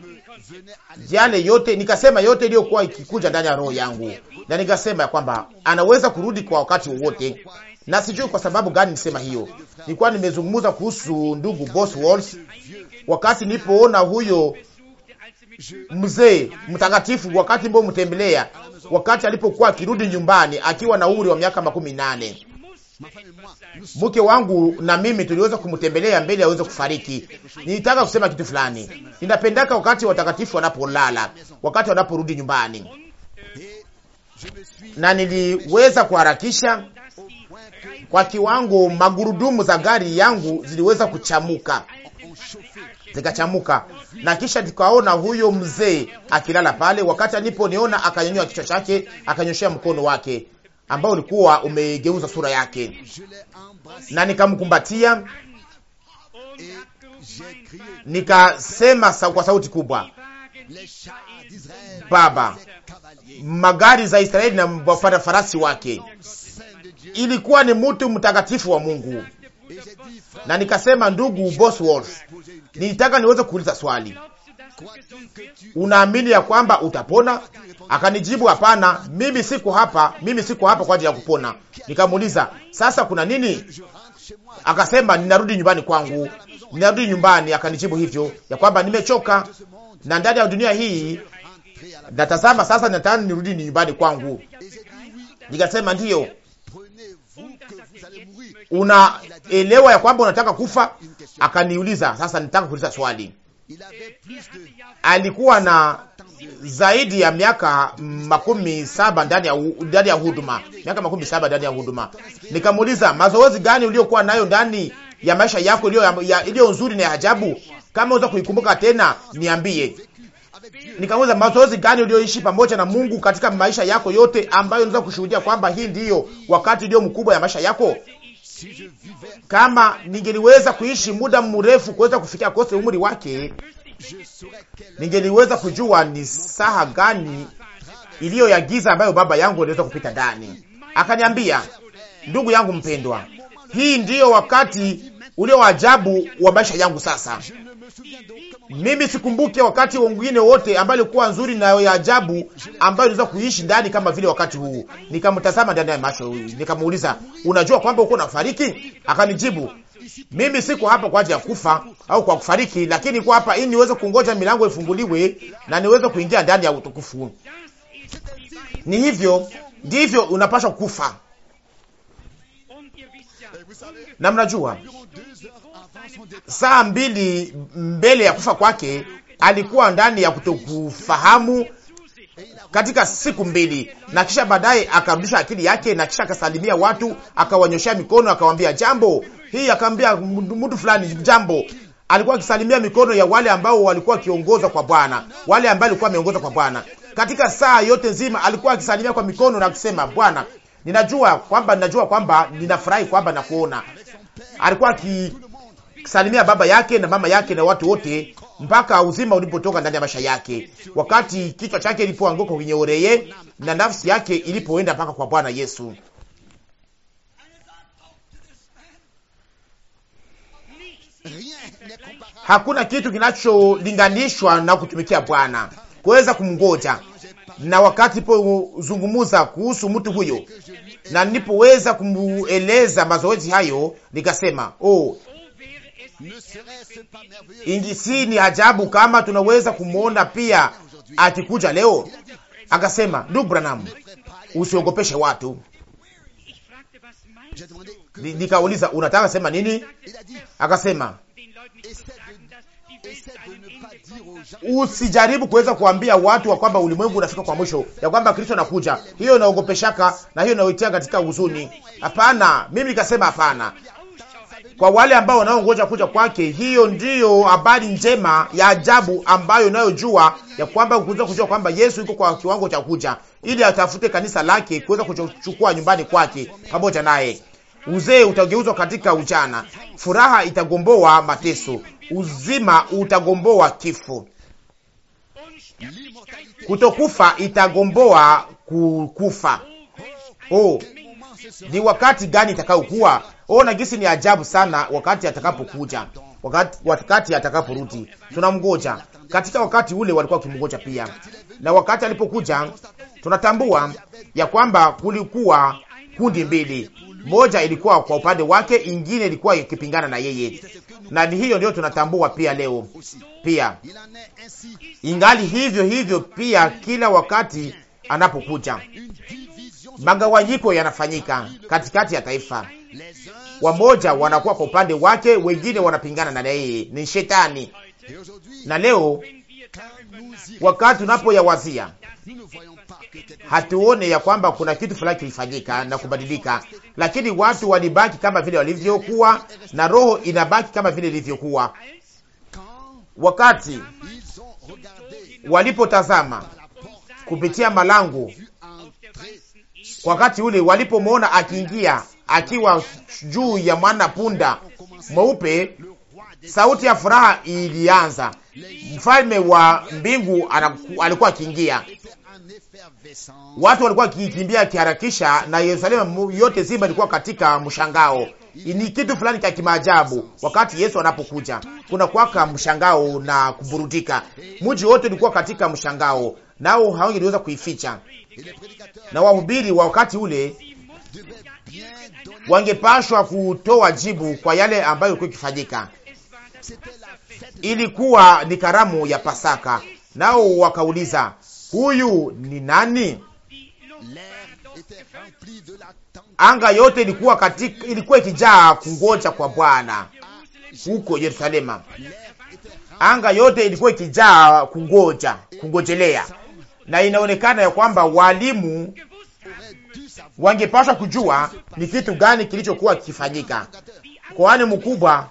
yale yote, nikasema yote iliyokuwa ikikuja ndani ya roho yangu, na nikasema ya kwamba anaweza kurudi kwa wakati wowote na sijui kwa sababu gani nisema hiyo. Nilikuwa nimezungumza kuhusu ndugu Boss Walls wakati nilipoona huyo mzee mtakatifu, wakati mbo mtembelea, wakati alipokuwa akirudi nyumbani akiwa na umri wa miaka makumi nane mke wangu na mimi tuliweza kumtembelea mbele aweze kufariki. Nilitaka kusema kitu fulani, ninapendaka wakati watakatifu wanapolala, wakati wanaporudi nyumbani, na niliweza kuharakisha kwa kiwango magurudumu za gari yangu ziliweza kuchamuka, zikachamuka, na kisha tukaona huyo mzee akilala pale. Wakati aliponiona akanyanyua kichwa chake, akanyoshea mkono wake ambao ulikuwa umegeuza sura yake, na nikamkumbatia, nikasema kwa sauti kubwa, Baba, magari za Israeli na wapanda farasi wake ilikuwa ni mtu mtakatifu wa Mungu, na nikasema, ndugu Bosworth, nilitaka niweze kuuliza swali, unaamini ya kwamba utapona? Akanijibu, hapana, mimi siko hapa, mimi siko hapa kwa ajili ya kupona. Nikamuuliza, sasa kuna nini? Akasema, ninarudi nyumbani kwangu, ninarudi nyumbani. Akanijibu hivyo ya kwamba nimechoka na ndani ya dunia hii natazama sasa, nataka nirudi nyumbani kwangu. Nikasema ndiyo unaelewa ya kwamba unataka kufa? Akaniuliza. Sasa nitaka kuuliza swali. Alikuwa na zaidi ya miaka makumi saba ndani ya ndani ya huduma, miaka makumi saba ndani ya huduma. Nikamuuliza, mazoezi gani uliokuwa nayo ndani ya maisha yako iliyo ya, iliyo nzuri na ya ajabu? Kama unaweza kuikumbuka tena niambie. Nikamuuliza, mazoezi gani ulioishi pamoja na Mungu katika maisha yako yote, ambayo unaweza kushuhudia kwamba hii ndiyo wakati ulio mkubwa ya maisha yako? Kama ningeliweza kuishi muda mrefu kuweza kufikia kose umri wake, ningeliweza kujua ni saha gani iliyo ya giza ambayo baba yangu aliweza kupita ndani. Akaniambia, ndugu yangu mpendwa, hii ndiyo wakati ulio wa ajabu wa maisha yangu sasa. Mimi sikumbuke wakati wengine wote ambayo ilikuwa nzuri na ya ajabu ambayo inaweza kuishi ndani kama vile wakati huu. Nikamtazama ndani ya macho, nikamuuliza, unajua kwamba uko nafariki? Akanijibu, mimi siko hapa kwa ajili ya kufa au kwa kufariki, lakini niko hapa ili niweze kungoja milango ifunguliwe na niweze kuingia ndani ya utukufu. Ni hivyo ndivyo unapaswa kufa, na mnajua saa mbili mbele ya kufa kwake alikuwa ndani ya kutokufahamu katika siku mbili, na kisha baadaye akarudisha akili yake, na kisha akasalimia watu, akawanyoshea mikono, akawambia jambo hii, akawambia mtu fulani jambo. Alikuwa akisalimia mikono ya wale ambao walikuwa wakiongozwa kwa Bwana, wale ambao walikuwa wameongozwa kwa Bwana katika saa yote nzima. Alikuwa akisalimia kwa mikono na kusema, Bwana, ninajua kwamba ninajua kwamba ninafurahi kwamba nakuona. Alikuwa aki salimia baba yake na mama yake na watu wote mpaka uzima ulipotoka ndani ya maisha yake, wakati kichwa chake ilipoanguka kwenye oreye na nafsi yake ilipoenda mpaka kwa Bwana Yesu. Hakuna kitu kinacholinganishwa na kutumikia Bwana, kuweza kumngoja. Na wakati zungumuza kuhusu mtu huyo na nipoweza kumueleza mazoezi hayo, nikasema oh, si ni ajabu kama tunaweza kumwona pia akikuja leo akasema, ndugu Branham, usiogopeshe watu. Nikauliza, unataka sema nini? Akasema, usijaribu kuweza kuambia watu wa kwamba ulimwengu unafika kwa mwisho, ya kwamba Kristo anakuja. Hiyo inaogopeshaka na hiyo inaoitia katika huzuni. Hapana, mimi nikasema hapana, kwa wale ambao wanaongoja kuja kwake. Hiyo ndiyo habari njema ya ajabu ambayo inayojua ya kwamba kuweza kujua kwamba Yesu yuko kwa kiwango cha kuja ili atafute kanisa lake kuweza kuchukua nyumbani kwake pamoja naye. Uzee utageuzwa katika ujana, furaha itagomboa mateso, uzima utagomboa kifo, kutokufa itagomboa kukufa. Oh, ni wakati gani itakayokuwa Ona na gisi ni ajabu sana wakati atakapokuja, wakati wakati atakaporudi. Tunamgoja katika wakati ule, walikuwa wakimgoja pia, na wakati alipokuja, tunatambua ya kwamba kulikuwa kundi mbili, moja ilikuwa kwa upande wake, ingine ilikuwa ikipingana na yeye, na ni hiyo ndio tunatambua pia leo. Pia ingali hivyo hivyo pia, kila wakati anapokuja, magawanyiko yanafanyika katikati ya taifa Wamoja wanakuwa kwa upande wake, wengine wanapingana na yeye, ni shetani. Na leo wakati tunapoyawazia hatuone ya kwamba kuna kitu fulani kilifanyika na kubadilika, lakini watu walibaki kama vile walivyokuwa na roho inabaki kama vile ilivyokuwa. Wakati walipotazama kupitia malango, wakati ule walipomwona akiingia akiwa juu ya mwana punda mweupe, sauti ya furaha ilianza. Mfalme wa mbingu alikuwa akiingia, watu walikuwa akikimbia akiharakisha, na Yerusalemu yote zima ilikuwa katika mshangao. Ni kitu fulani cha kimaajabu. Wakati Yesu anapokuja kuna kwaka mshangao na kuburudika, mji wote ulikuwa katika mshangao, nao hawangeliweza kuificha. Na wahubiri wa wakati ule wangepashwa kutoa jibu kwa yale ambayo ilikuwa ikifanyika. Ilikuwa ni karamu ya Pasaka, nao wakauliza huyu ni nani? Anga yote ilikuwa katika, ilikuwa ikijaa kungoja kwa Bwana huko Yerusalema. Anga yote ilikuwa ikijaa kungoja, kungojelea, na inaonekana ya kwamba walimu wangepaswa kujua ni kitu gani kilichokuwa kikifanyika. Kuhani mkubwa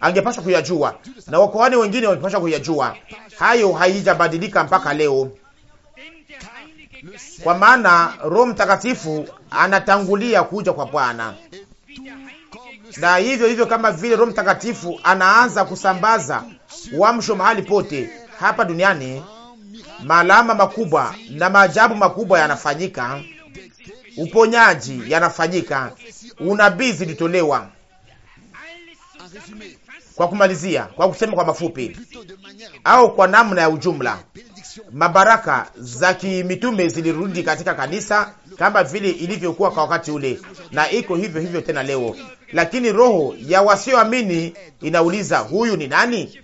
angepaswa kuyajua na wakohani wengine wangepaswa kuyajua hayo. Haijabadilika mpaka leo, kwa maana Roho Mtakatifu anatangulia kuja kwa Bwana, na hivyo hivyo kama vile Roho Mtakatifu anaanza kusambaza uamsho mahali pote hapa duniani, maalama makubwa na maajabu makubwa yanafanyika uponyaji yanafanyika, unabii zilitolewa. Kwa kumalizia, kwa kusema kwa mafupi au kwa namna ya ujumla, mabaraka za kimitume zilirudi katika kanisa kama vile ilivyokuwa kwa wakati ule, na iko hivyo hivyo tena leo. Lakini roho ya wasioamini inauliza, huyu ni nani?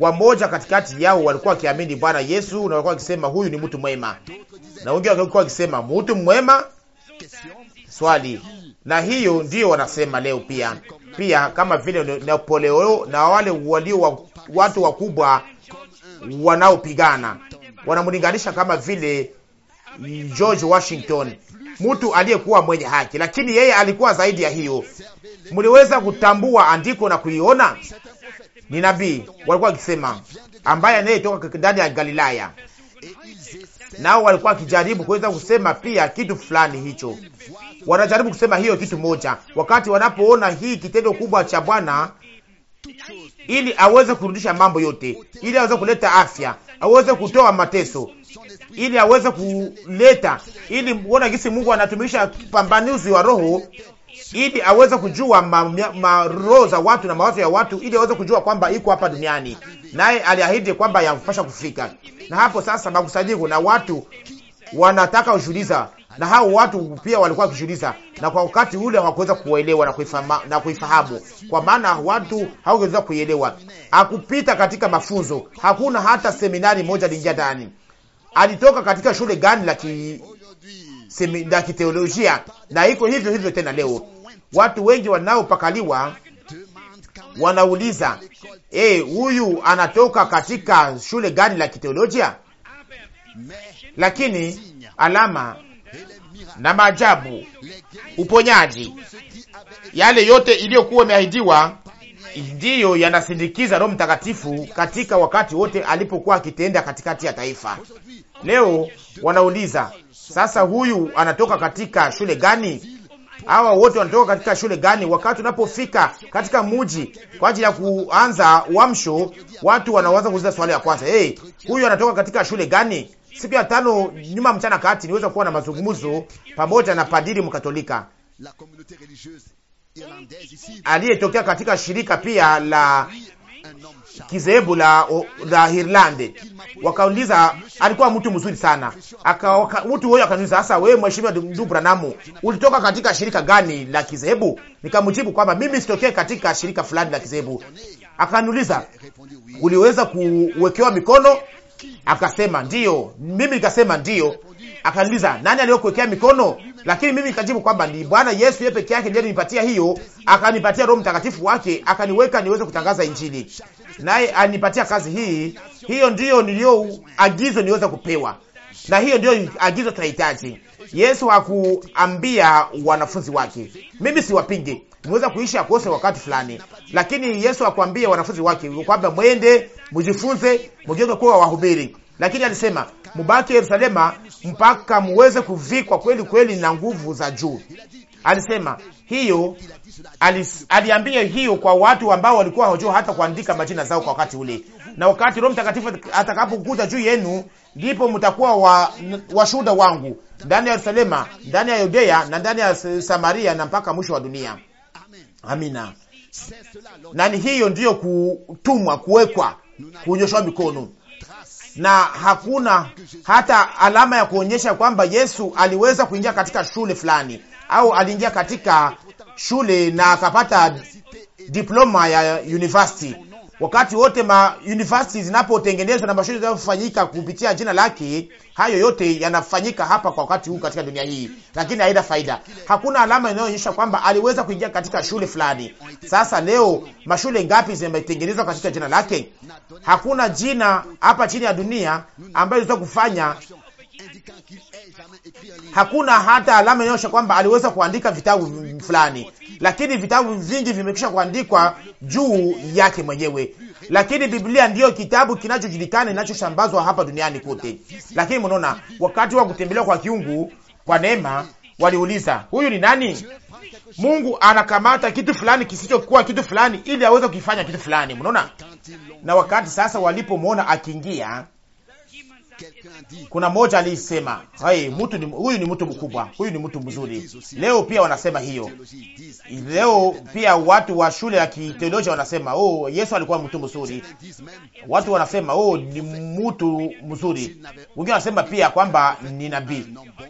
Wamoja katikati yao walikuwa wakiamini Bwana Yesu na walikuwa wakisema huyu ni mtu mwema, na wengi wakakuwa wakisema mtu mwema swali, na hiyo ndiyo wanasema leo pia pia, kama vile Napoleo na wale walio wa, watu wakubwa wanaopigana wanamlinganisha kama vile George Washington, mtu aliyekuwa mwenye haki, lakini yeye alikuwa zaidi ya hiyo. Mliweza kutambua andiko na kuiona, ni nabii walikuwa wakisema, ambaye anayetoka ndani ya Galilaya nao walikuwa wakijaribu kuweza kusema pia kitu fulani hicho, wanajaribu kusema hiyo kitu moja, wakati wanapoona hii kitendo kubwa cha Bwana ili aweze kurudisha mambo yote, ili aweze kuleta afya, aweze kutoa mateso, ili aweze kuleta, ili uona gisi Mungu anatumisha pambanuzi wa roho, ili aweze kujua maroho ma za watu na mawazo ya watu, ili aweze kujua kwamba iko hapa duniani, naye aliahidi kwamba yamfasha kufika na hapo sasa makusanyiko na watu wanataka kujiuliza, na hao watu pia walikuwa wakijiuliza, na kwa wakati ule hawakuweza kuelewa na kuifama, na kuifahamu, kwa maana watu hawakuweza kuielewa. akupita katika mafunzo, hakuna hata seminari moja aliingia ndani. Alitoka katika shule gani la ki semi, la kiteolojia? Na iko hivyo hivyo tena leo, watu wengi wanaopakaliwa wanauliza eh, huyu anatoka katika shule gani la kiteolojia? Lakini alama na maajabu, uponyaji, yale yote iliyokuwa imeahidiwa ndiyo yanasindikiza Roho Mtakatifu katika wakati wote alipokuwa akitenda katikati ya taifa. Leo wanauliza sasa, huyu anatoka katika shule gani? hawa wote wanatoka katika shule gani? Wakati unapofika katika mji kwa ajili ya kuanza wamsho, watu wanaanza kuuliza swali ya kwanza, hey, huyu anatoka katika shule gani? Siku ya tano nyuma mchana kati niweza kuwa na mazungumzo pamoja na padiri mkatolika aliyetokea katika shirika pia la kizehebu la, la Irlande. Wakauliza, alikuwa mtu mzuri sana aka, waka, mtu huyo akaniuliza, sasa wewe mheshimiwa ndugu Branamu ulitoka katika shirika gani la kizebu? Nikamjibu kwamba mimi sitokee katika shirika fulani la kizebu. Akaniuliza, uliweza kuwekewa mikono? Akasema ndio Mimi nikasema ndio Akaniuliza, nani aliyokuwekea mikono? Lakini mimi nikajibu kwamba ni Bwana Yesu yeye peke yake ndiye alinipatia hiyo, akanipatia Roho Mtakatifu wake, akaniweka niweze kutangaza Injili, naye anipatia kazi hii. Hiyo ndiyo agizo niweze kupewa, na hiyo ndiyo agizo tunahitaji. Yesu hakuambia wanafunzi wake, mimi siwapingi niweza kuisha kose wakati fulani, lakini Yesu hakuambia wanafunzi wake kwamba mwende mjifunze, mjiweke kuwa wahubiri, lakini alisema mubaki Yerusalema mpaka muweze kuvikwa kweli kweli na nguvu za juu. Alisema hiyo alis, aliambia hiyo kwa watu ambao walikuwa hawajua hata kuandika majina zao kwa wakati ule, na wakati Roho Mtakatifu atakapokuja juu yenu, ndipo mtakuwa wa washuhuda wangu ndani ya Yerusalema, ndani ya Yudea na ndani ya Samaria na mpaka mwisho wa dunia. Amina. Nani, hiyo ndiyo kutumwa, kuwekwa, kunyoshwa mikono na hakuna hata alama ya kuonyesha kwamba Yesu aliweza kuingia katika shule fulani au aliingia katika shule na akapata diploma ya university Wakati wote ma universities zinapotengenezwa na mashule yanayofanyika kupitia jina lake, hayo yote yanafanyika hapa kwa wakati huu katika dunia hii, lakini haina faida. Hakuna alama inayoonyesha kwamba aliweza kuingia katika shule fulani. Sasa leo mashule ngapi zimetengenezwa katika jina lake? Hakuna jina hapa chini ya dunia ambayo inaweza kufanya Hakuna hata alama inaonyesha kwamba aliweza kuandika vitabu fulani, lakini vitabu vingi vimekwisha kuandikwa juu yake mwenyewe. Lakini Biblia ndiyo kitabu kinachojulikana inachoshambazwa hapa duniani kote. Lakini mnaona, wakati wa kutembelewa kwa kiungu kwa neema, waliuliza huyu ni nani? Mungu anakamata kitu fulani kisichokuwa kitu fulani, ili aweze kukifanya kitu fulani. Mnaona, na wakati sasa walipomwona akiingia kuna moja aliisema hey, mtu ni, huyu ni mtu mkubwa, huyu ni mtu mzuri. Leo pia wanasema hiyo, leo pia watu wa shule ya kiteolojia wanasema oh, Yesu alikuwa mtu mzuri. Watu wanasema oh, ni mtu mzuri. Wengine wanasema pia kwamba ni nabii,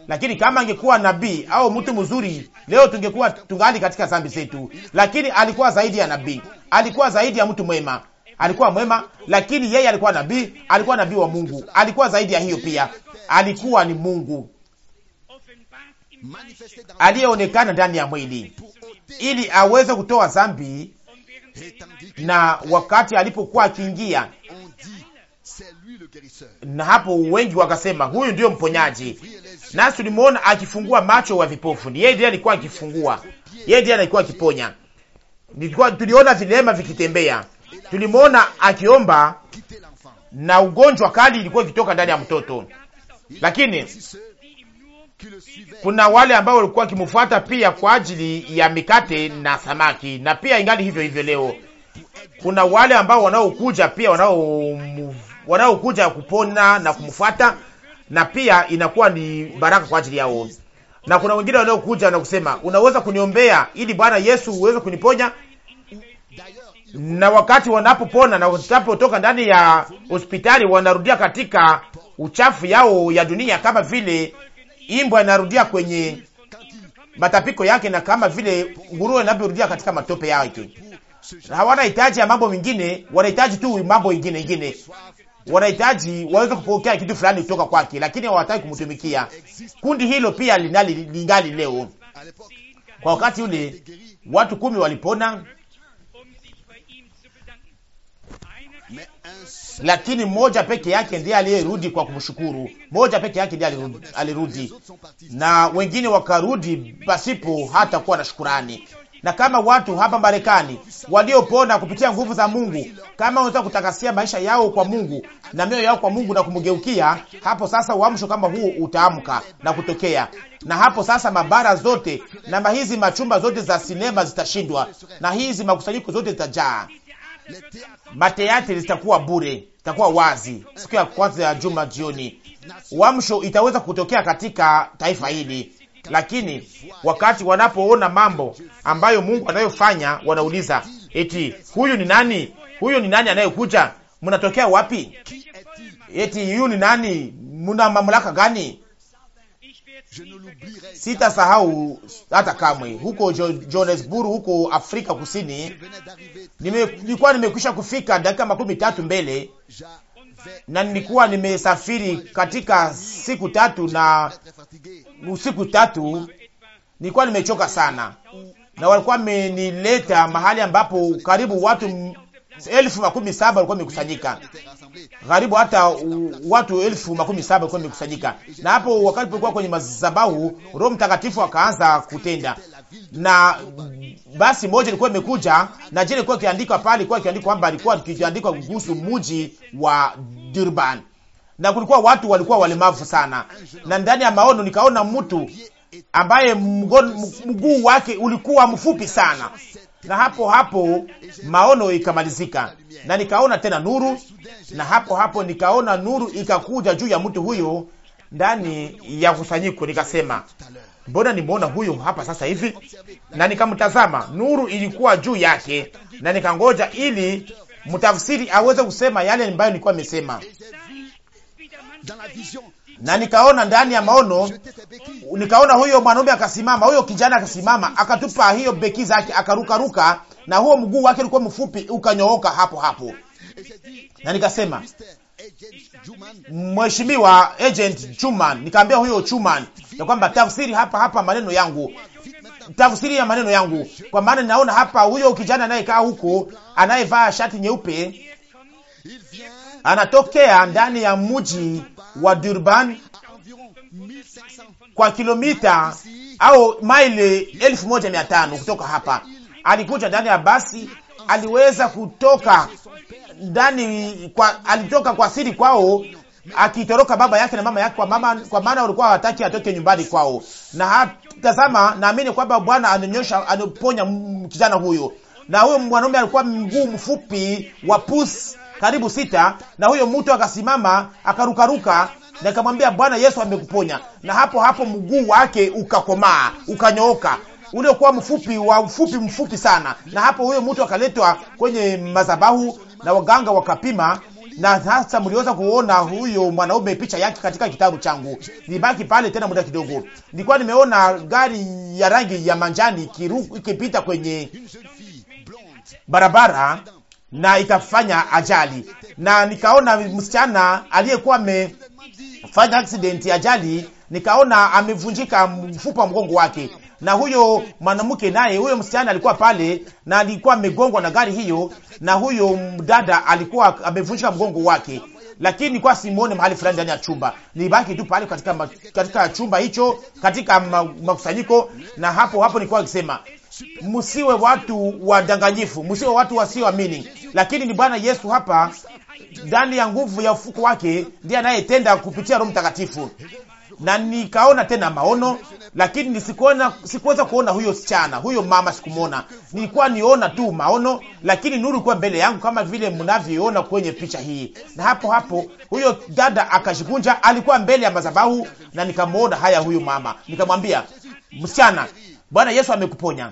lakini kama angekuwa nabii au mtu mzuri leo, tungekuwa tungali katika zambi zetu, lakini alikuwa zaidi ya nabii, alikuwa zaidi ya mtu mwema alikuwa mwema, lakini yeye alikuwa nabii, alikuwa nabii wa Mungu, alikuwa zaidi ya hiyo pia, alikuwa ni Mungu aliyeonekana ndani ya mwili ili aweze kutoa zambi, na wakati alipokuwa akiingia na hapo wengi wakasema huyu ndiyo mponyaji. Nasi tulimuona akifungua macho wa vipofu, ni yeye ndiye alikuwa akifungua, yeye ndiye alikuwa akiponya. tuliona vilema vikitembea, tulimwona akiomba na ugonjwa kali ilikuwa ikitoka ndani ya mtoto, lakini kuna wale ambao walikuwa wakimfuata pia kwa ajili ya mikate na samaki, na pia ingali hivyo hivyo leo. Kuna wale ambao wanaokuja pia wanaokuja kupona na kumfuata, na pia inakuwa ni baraka kwa ajili yao, na kuna wengine wanaokuja na kusema, unaweza kuniombea ili Bwana Yesu uweze kuniponya na wakati wanapopona na wanapotoka ndani ya hospitali wanarudia katika uchafu yao ya dunia, kama vile imbwa inarudia kwenye matapiko yake na kama vile nguruwe inavyorudia katika matope yake. Hawana hitaji ya mambo mengine, wanahitaji tu mambo ingine ingine, wanahitaji waweze kupokea kitu fulani kutoka kwake, lakini hawataki kumtumikia. Kundi hilo pia linali lingali leo. Kwa wakati ule watu kumi walipona lakini moja peke yake ndiye aliyerudi kwa kumshukuru. Moja peke yake ndiye alirudi, na wengine wakarudi pasipo hata kuwa na shukurani. Na kama watu hapa Marekani waliopona kupitia nguvu za Mungu, kama wanaweza kutakasia maisha yao kwa Mungu na mioyo yao kwa Mungu na kumgeukia, hapo sasa uamsho kama huu utaamka na kutokea, na hapo sasa mabara zote na hizi machumba zote za sinema zitashindwa na hizi makusanyiko zote zitajaa mateatri zitakuwa bure, zitakuwa wazi siku ya kwanza ya juma jioni. Uamsho itaweza kutokea katika taifa hili, lakini wakati wanapoona mambo ambayo Mungu anayofanya, wanauliza eti huyu ni nani? Huyu ni nani anayekuja? Mnatokea wapi? Eti huyu ni nani? Muna mamlaka gani? Sitasahau hata kamwe. Huko Johannesburg, huko Afrika Kusini, nilikuwa nime, nimekwisha kufika dakika makumi tatu mbele, na nilikuwa nimesafiri katika siku tatu na usiku tatu. Nilikuwa nimechoka sana, na walikuwa wamenileta mahali ambapo karibu watu elfu makumi saba walikuwa wamekusanyika karibu hata watu elfu makumi saba walikuwa wamekusanyika, na hapo wakati polikuwa kwenye mazabahu, Roho Mtakatifu akaanza kutenda, na basi moja ilikuwa imekuja na jina ilikuwa ikiandikwa pale, ilikuwa ikiandikwa kwamba alikuwa ikiandikwa kuhusu mji wa Durban, na kulikuwa watu walikuwa walemavu sana, na ndani ya maono nikaona mtu ambaye mguu wake ulikuwa mfupi sana na hapo hapo maono ikamalizika, na nikaona tena nuru, na hapo hapo nikaona nuru ikakuja juu ya mtu huyo ndani ya kusanyiko, nikasema mbona nimeona huyo hapa sasa hivi? Na nikamtazama, nuru ilikuwa juu yake, na nikangoja ili mtafsiri aweze kusema yale ambayo nilikuwa nimesema na nikaona ndani ya maono, nikaona huyo mwanaume akasimama, huyo kijana akasimama, akatupa hiyo beki zake, akarukaruka, na huo mguu wake ulikuwa mfupi ukanyooka hapo hapo, na nikasema Mheshimiwa Agent Chuman, nikaambia huyo Chuman ya kwamba tafsiri hapa hapa maneno yangu, tafsiri ya maneno yangu, kwa maana ninaona hapa huyo kijana anayekaa huko anayevaa shati nyeupe anatokea ndani ya mji wa Durban kwa kilomita au maili elfu moja mia tano kutoka hapa. Alikuja ndani ya basi, aliweza kutoka ndani kwa, alitoka kwa siri kwao akitoroka baba yake na mama yake, kwa mama, kwa maana walikuwa hawataki atoke nyumbani kwao. Na tazama, naamini kwamba Bwana ananyosha anaponya kijana huyo, na huyo mwanaume alikuwa mguu mfupi wa pusi karibu sita, na huyo mtu akasimama akarukaruka, na akamwambia, Bwana Yesu amekuponya. Na hapo hapo mguu wake ukakomaa ukanyooka, uliokuwa mfupi wa mfupi mfupi sana. Na hapo huyo mtu akaletwa kwenye mazabahu na waganga wakapima na sasa mliweza kuona huyo mwanaume picha yake katika kitabu changu. Nibaki pale tena muda kidogo. Nilikuwa nimeona gari ya rangi ya manjani ikipita kwenye barabara na itafanya ajali. Na nikaona msichana aliyekuwa amefanya aksidenti ajali, nikaona amevunjika mfupa wa mgongo wake, na huyo mwanamke naye, huyo msichana alikuwa pale na alikuwa amegongwa na gari hiyo, na huyo dada alikuwa amevunjika mgongo wake lakini kwa simuone mahali fulani ndani ya chumba, nilibaki tu pale katika, katika chumba hicho katika makusanyiko, na hapo hapo nilikuwa nikisema Msiwe watu wadanganyifu, msiwe watu wasioamini, lakini ni Bwana Yesu hapa ndani ya nguvu ya ufuko wake ndiye anayetenda kupitia Roho Mtakatifu. Na nikaona tena maono, lakini nisikuona, sikuweza kuona huyo sichana, huyo mama sikumwona. Nilikuwa niona tu maono, lakini nuru ilikuwa mbele yangu kama vile mnavyoona kwenye picha hii. Na hapo hapo huyo dada akashikunja, alikuwa mbele ya madhabahu, na nikamwona haya huyu mama, nikamwambia msichana, Bwana Yesu amekuponya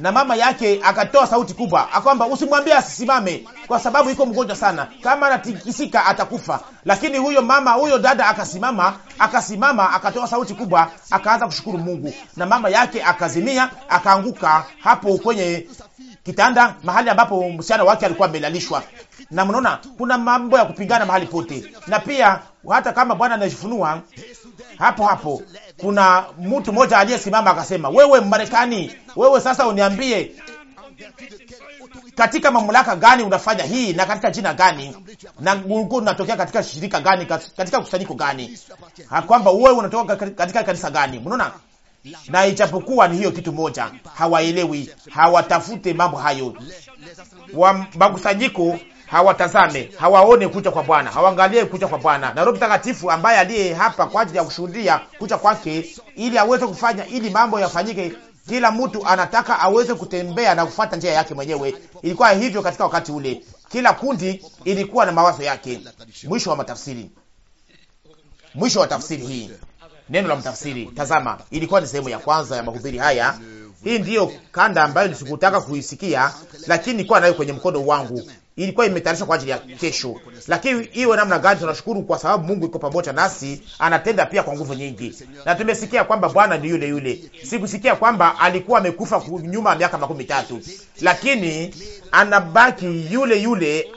na mama yake akatoa sauti kubwa akwamba usimwambie asisimame, kwa sababu iko mgonjwa sana, kama anatikisika atakufa. Lakini huyo mama, huyo dada akasimama, akasimama, akatoa sauti kubwa, akaanza kushukuru Mungu, na mama yake akazimia, akaanguka hapo kwenye kitanda mahali ambapo msichana wake alikuwa amelalishwa. Na mnaona kuna mambo ya kupingana mahali pote, na pia hata kama Bwana anajifunua hapo hapo kuna mtu mmoja aliyesimama akasema, wewe Marekani, wewe sasa uniambie katika mamlaka gani unafanya hii na katika jina gani na ulikuwa unatokea katika shirika gani katika kusanyiko gani, kwamba wewe unatoka katika kanisa gani? Mnaona, na ijapokuwa ni hiyo kitu moja, hawaelewi hawatafute mambo hayo. Makusanyiko hawatazame, hawaone kucha kwa Bwana, hawaangalie kucha kwa Bwana. Na Roho Mtakatifu ambaye aliye hapa kwa ajili ya kushuhudia kucha kwake, ili aweze kufanya, ili mambo yafanyike. Kila mtu anataka aweze kutembea na kufuata njia yake mwenyewe. Ilikuwa hivyo katika wakati ule, kila kundi ilikuwa na mawazo yake. Mwisho wa matafsiri, mwisho wa tafsiri hii, neno la mtafsiri. Tazama, ilikuwa ni sehemu ya kwanza ya mahubiri haya. Hii ndiyo kanda ambayo nisikutaka kuisikia, lakini nilikuwa nayo kwenye mkono wangu ilikuwa imetarishwa kwa ajili ya kesho. Lakini iwe namna gani, tunashukuru kwa sababu Mungu iko pamoja nasi, anatenda pia kwa nguvu nyingi, na tumesikia kwamba Bwana ni yule yule. Sikusikia kwamba alikuwa amekufa nyuma ya miaka makumi tatu, lakini anabaki yule yule,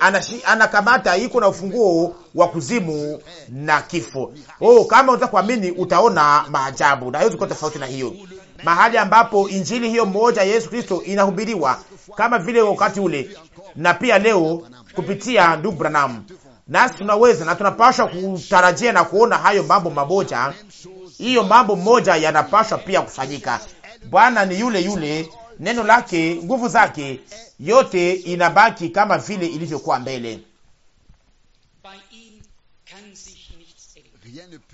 anakamata, iko na ufunguo wa kuzimu na kifo. Oh, kama unataka kuamini, utaona maajabu na hiyo tofauti na hiyo mahali ambapo injili hiyo moja Yesu Kristo inahubiriwa kama vile wakati ule na pia leo kupitia ndugu Branham, nasi tunaweza na tunapashwa kutarajia na kuona hayo mambo mamoja, hiyo mambo moja yanapashwa pia kufanyika. Bwana ni yule yule, neno lake, nguvu zake yote inabaki kama vile ilivyokuwa mbele.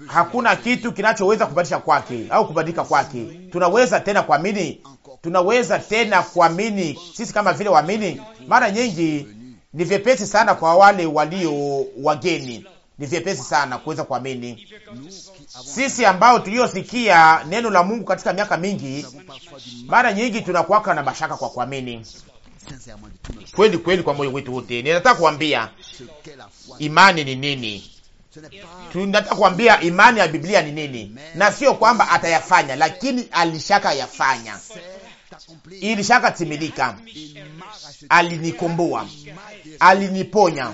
Hakuna kitu kinachoweza kubadilisha kwake au kubadilika kwake. Tunaweza tena kuamini tunaweza tena kuamini sisi kama vile waamini. Mara nyingi ni vyepesi sana kwa wale walio wageni, ni vyepesi sana kuweza kuamini. Sisi ambao tuliosikia neno la Mungu katika miaka mingi, mara nyingi tunakuwaka na mashaka kwa kuamini kweli kweli kwa moyo wetu wote. Ninataka kuambia imani ni nini? Tunataka kuambia imani ya Biblia ni nini, na sio kwamba atayafanya, lakini alishaka yafanya ilishakatimilika. Alinikomboa, aliniponya,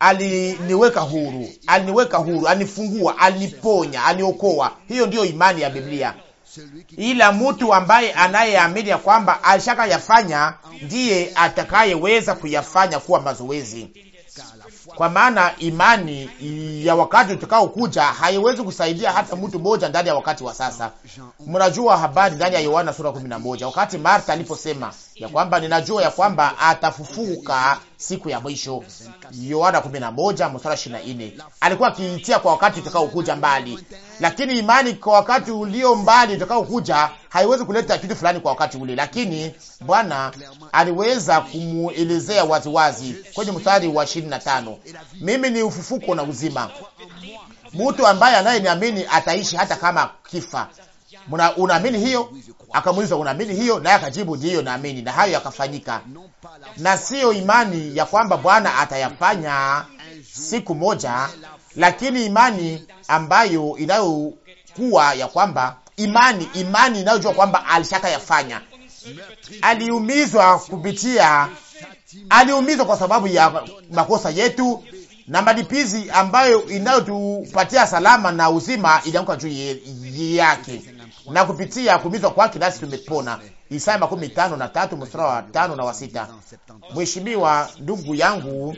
aliniweka huru, aliniweka huru, alinifungua, aliniponya, aliokoa. Hiyo ndiyo imani ya Biblia. Ila mtu ambaye anayeamini ya kwamba alishaka yafanya ndiye atakayeweza kuyafanya kuwa mazoezi kwa maana imani ya wakati utakao kuja haiwezi kusaidia hata mtu mmoja ndani ya wakati wa sasa. Mnajua habari ndani ya Yohana sura 11 wakati Martha aliposema ya kwamba ninajua ya kwamba atafufuka siku ya mwisho. Yohana 11 mstari 24. Alikuwa akiitia kwa wakati utakaokuja mbali, lakini imani kwa wakati ulio mbali utakaokuja haiwezi kuleta kitu fulani kwa wakati ule, lakini Bwana aliweza kumuelezea waziwazi kwenye mstari wa 25, mimi ni ufufuko na uzima, mtu ambaye anayeniamini ataishi hata kama kifa, Muna, unaamini hiyo? Akamuuliza, unaamini hiyo? Naye akajibu ndiyo, naamini. Na hayo yakafanyika, na siyo imani ya kwamba Bwana atayafanya siku moja, lakini imani ambayo inayokuwa ya kwamba imani imani inayojua kwamba alishaka yafanya. Aliumizwa kupitia, aliumizwa kwa sababu ya makosa yetu na malipizi ambayo inayotupatia salama na uzima ilianguka juu yake na kupitia kumizwa kwake nasi tumepona. Isaya makumi tano na tatu mstari wa tano na wa sita. Mheshimiwa ndugu yangu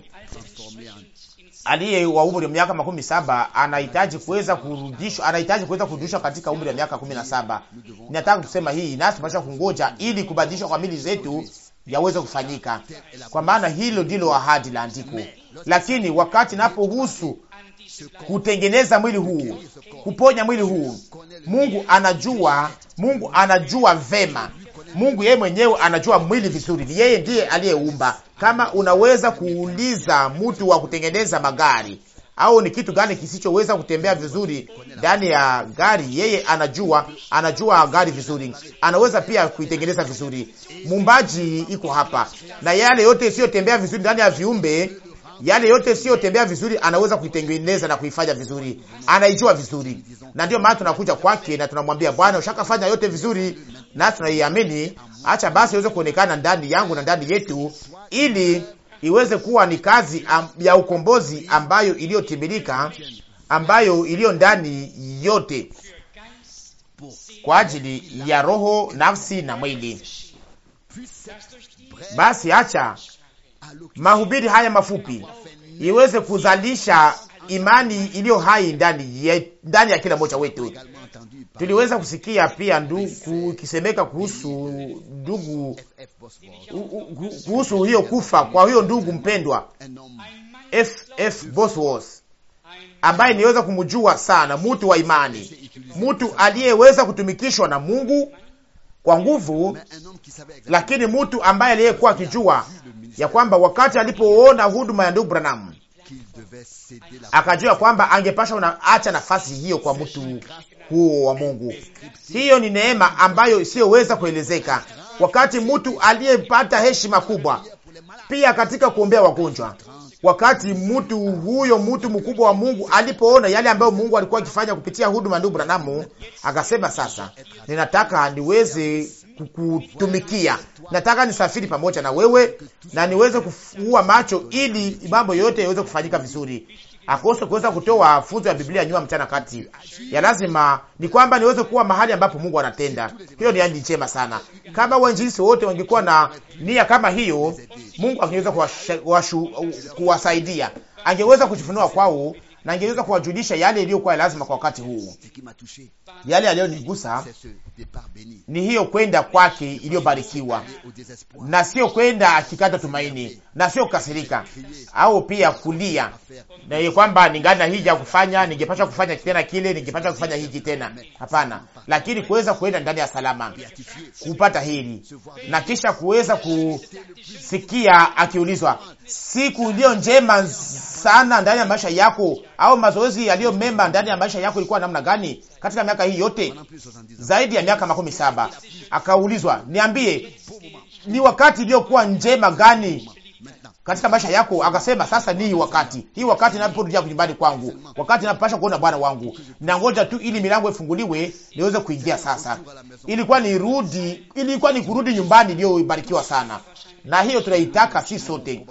aliye wa umri wa miaka makumi saba anahitaji kuweza kurudishwa, anahitaji kuweza kurudishwa katika umri wa miaka kumi na saba. Ninataka kusema hii nasi tunapaswa kungoja ili kubadilishwa kwa mili zetu yaweze kufanyika, kwa maana hilo ndilo ahadi la andiko. Lakini wakati napohusu kutengeneza mwili huu, kuponya mwili huu. Mungu anajua, Mungu anajua vema. Mungu yeye mwenyewe anajua mwili vizuri, ni yeye ndiye aliyeumba. Kama unaweza kuuliza mtu wa kutengeneza magari au ni kitu gani kisichoweza kutembea vizuri ndani ya gari, yeye anajua, anajua gari vizuri, anaweza pia kuitengeneza vizuri. Mumbaji iko hapa, na yale yote isiyotembea vizuri ndani ya viumbe yale yote siyotembea vizuri anaweza kuitengeneza na kuifanya vizuri, anaijua vizuri, na ndio maana tunakuja kwake na tunamwambia Bwana, ushakafanya yote vizuri, na tunaiamini. Acha basi iweze kuonekana ndani yangu na ndani yetu, ili iweze kuwa ni kazi ya ukombozi ambayo iliyotimilika, ambayo iliyo ndani yote kwa ajili ya roho, nafsi na mwili. Basi acha mahubiri haya mafupi iweze kuzalisha imani iliyo hai ndani ya, ndani ya kila mmoja wetu. Tuliweza kusikia pia ndugu ikisemeka kuhusu ndugu kuhusu hiyo kufa kwa hiyo ndugu mpendwa FF Bosworth ambaye niweza kumjua sana, mtu wa imani, mtu aliyeweza kutumikishwa na Mungu kwa nguvu, lakini mtu ambaye aliyekuwa akijua ya kwamba wakati alipoona huduma ya ndugu Branham akajua kwamba angepasha unaacha nafasi hiyo kwa mtu huo wa Mungu. Hiyo ni neema ambayo isiyoweza kuelezeka, wakati mtu aliyepata heshima kubwa pia katika kuombea wagonjwa wakati mtu huyo mtu mkubwa wa Mungu alipoona yale ambayo Mungu alikuwa akifanya kupitia huduma ndugu Branamu, akasema sasa, ninataka niweze kukutumikia. Nataka nisafiri pamoja na wewe na niweze kufua macho, ili mambo yote yaweze kufanyika vizuri. Akose kuweza kutoa funzo ya Biblia nyuma mchana kati ya lazima ni kwamba niweze kuwa mahali ambapo Mungu anatenda. Hiyo ni hali njema sana. Kama wainjilisti wote wangekuwa na nia kama hiyo, Mungu angeweza kuwasaidia, angeweza kujifunua kwao na angeweza kuwajulisha yale iliyokuwa lazima kwa wakati huu. Yale aliyonigusa ni hiyo kwenda kwake iliyobarikiwa, na sio kwenda akikata tumaini, na sio kukasirika au pia kulia, na hiyo kwamba ningana na ya kufanya, ningepasha kufanya tena kile, ningepasha kufanya hiki tena. Hapana, lakini kuweza kuenda ndani ya salama, kupata hili na kisha kuweza kusikia akiulizwa, siku iliyo njema sana ndani ya maisha yako au mazoezi yaliyo mema ndani ya maisha yako ilikuwa namna gani katika miaka hii yote zaidi ya ya miaka makumi saba. Akaulizwa, niambie ni wakati iliyokuwa njema gani katika maisha yako? Akasema, sasa ni hii wakati hii wakati naporudia nyumbani kwangu, wakati napasha kuona bwana wangu, nangoja tu ili milango ifunguliwe niweze kuingia. Sasa ilikuwa ni rudi, ilikuwa ni kurudi nyumbani iliyobarikiwa sana, na hiyo tunaitaka si sote,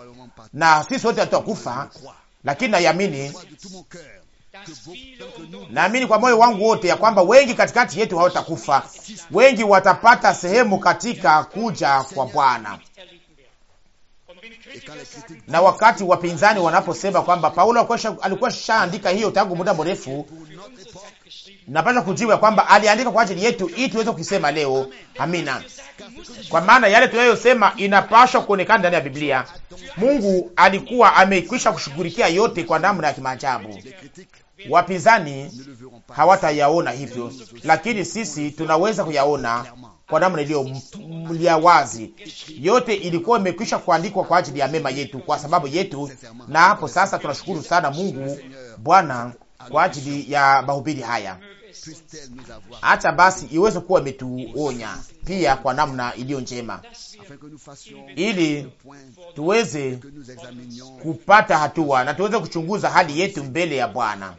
na si sote atakufa lakini naiamini Naamini kwa moyo wangu wote ya kwamba wengi katikati yetu hawatakufa, wengi watapata sehemu katika kuja kwa Bwana. Na wakati wapinzani wanaposema kwamba Paulo alikuwa shaandika hiyo tangu muda mrefu, napasha kujibu ya kwamba aliandika kwa ajili yetu ili tuweze kusema leo. Amina. Kwa maana yale tunayosema inapaswa kuonekana ndani ya Biblia. Mungu alikuwa amekwisha kushughulikia yote kwa namna ya kimaajabu wapinzani hawatayaona hivyo, lakini sisi tunaweza kuyaona kwa namna iliyo wazi. Yote ilikuwa imekwisha kuandikwa kwa ajili ya mema yetu, kwa sababu yetu, na hapo sasa tunashukuru sana Mungu Bwana kwa ajili ya mahubiri haya. Acha basi iweze kuwa imetuonya pia kwa namna iliyo njema ili tuweze kupata hatua na tuweze kuchunguza hali yetu mbele ya Bwana.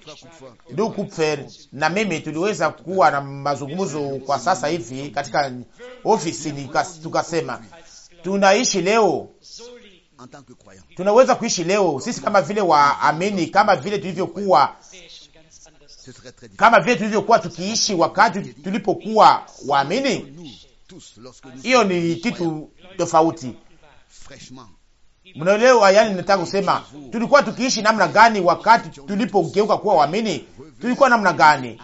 Ndugu Kupfer na mimi tuliweza kuwa na mazungumzo kwa sasa hivi katika ofisi, tukasema tunaishi leo, tunaweza kuishi leo sisi kama vile waamini, kama vile tulivyokuwa kama vile tulivyokuwa tukiishi wakati tulipokuwa waamini. Hiyo ni kitu tofauti. Mnaelewa yani nataka kusema, tulikuwa tukiishi namna gani wakati tulipogeuka kuwa waamini? Tulikuwa namna gani?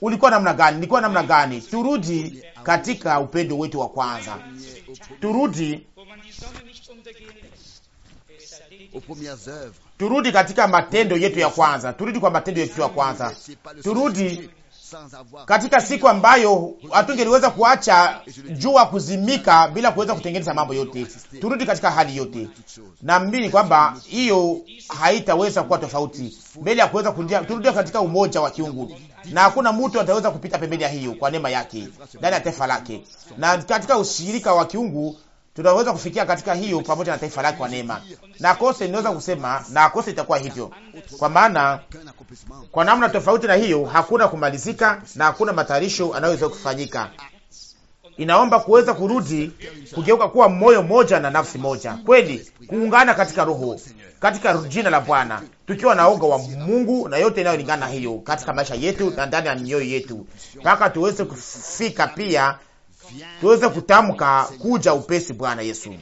Ulikuwa namna gani? Nilikuwa namna gani? Turudi katika upendo wetu wa kwanza, turudi turudi katika matendo yetu ya kwanza, turudi kwa matendo yetu ya kwanza, turudi katika siku ambayo hatungeliweza kuacha jua kuzimika bila kuweza kutengeneza mambo yote, turudi katika hali yote. Naamini kwamba hiyo haitaweza kuwa tofauti mbele ya kuweza kundia, turudi katika umoja wa kiungu, na hakuna mtu ataweza kupita pembeni ya hiyo, kwa neema yake ndani ya taifa lake na katika ushirika wa kiungu tunaweza kufikia katika hiyo pamoja na taifa lake kwa neema. Na kose ninaweza kusema na kose itakuwa hivyo, kwa maana kwa namna tofauti na hiyo hakuna kumalizika na hakuna matayarisho anayoweza kufanyika. Inaomba kuweza kurudi kugeuka kuwa moyo moja na nafsi moja, kweli kuungana katika roho, katika jina la Bwana, tukiwa na oga wa Mungu na yote inayolingana hiyo katika maisha yetu na ndani ya mioyo yetu, mpaka tuweze kufika pia tuweze kutamka kuja upesi, Bwana Yesu,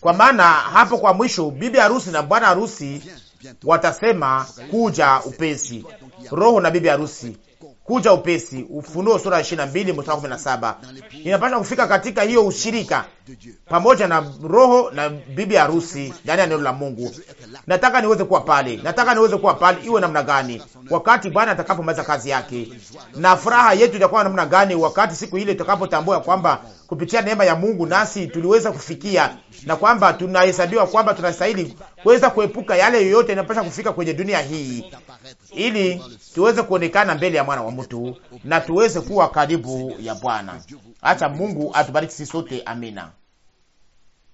kwa maana hapo kwa mwisho bibi harusi na bwana harusi watasema kuja upesi. Roho na bibi harusi kuja upesi. Ufunuo sura ya ishirini mstari 17 Inapasha kufika katika hiyo ushirika pamoja na roho na bibi harusi ndani ya neno la Mungu. Nataka niweze kuwa pale, nataka niweze kuwa pale, iwe namna gani wakati Bwana atakapomaliza kazi yake, na furaha yetu itakuwa namna gani wakati siku ile tutakapotambua kwamba kupitia neema ya Mungu nasi tuliweza kufikia, na kwamba tunahesabiwa kwamba tunastahili kuweza kuepuka yale yoyote yanayopasha kufika kwenye dunia hii, ili tuweze kuonekana mbele ya mwana wa mtu na tuweze kuwa karibu ya Bwana. Acha Mungu atubariki sisi sote, amina.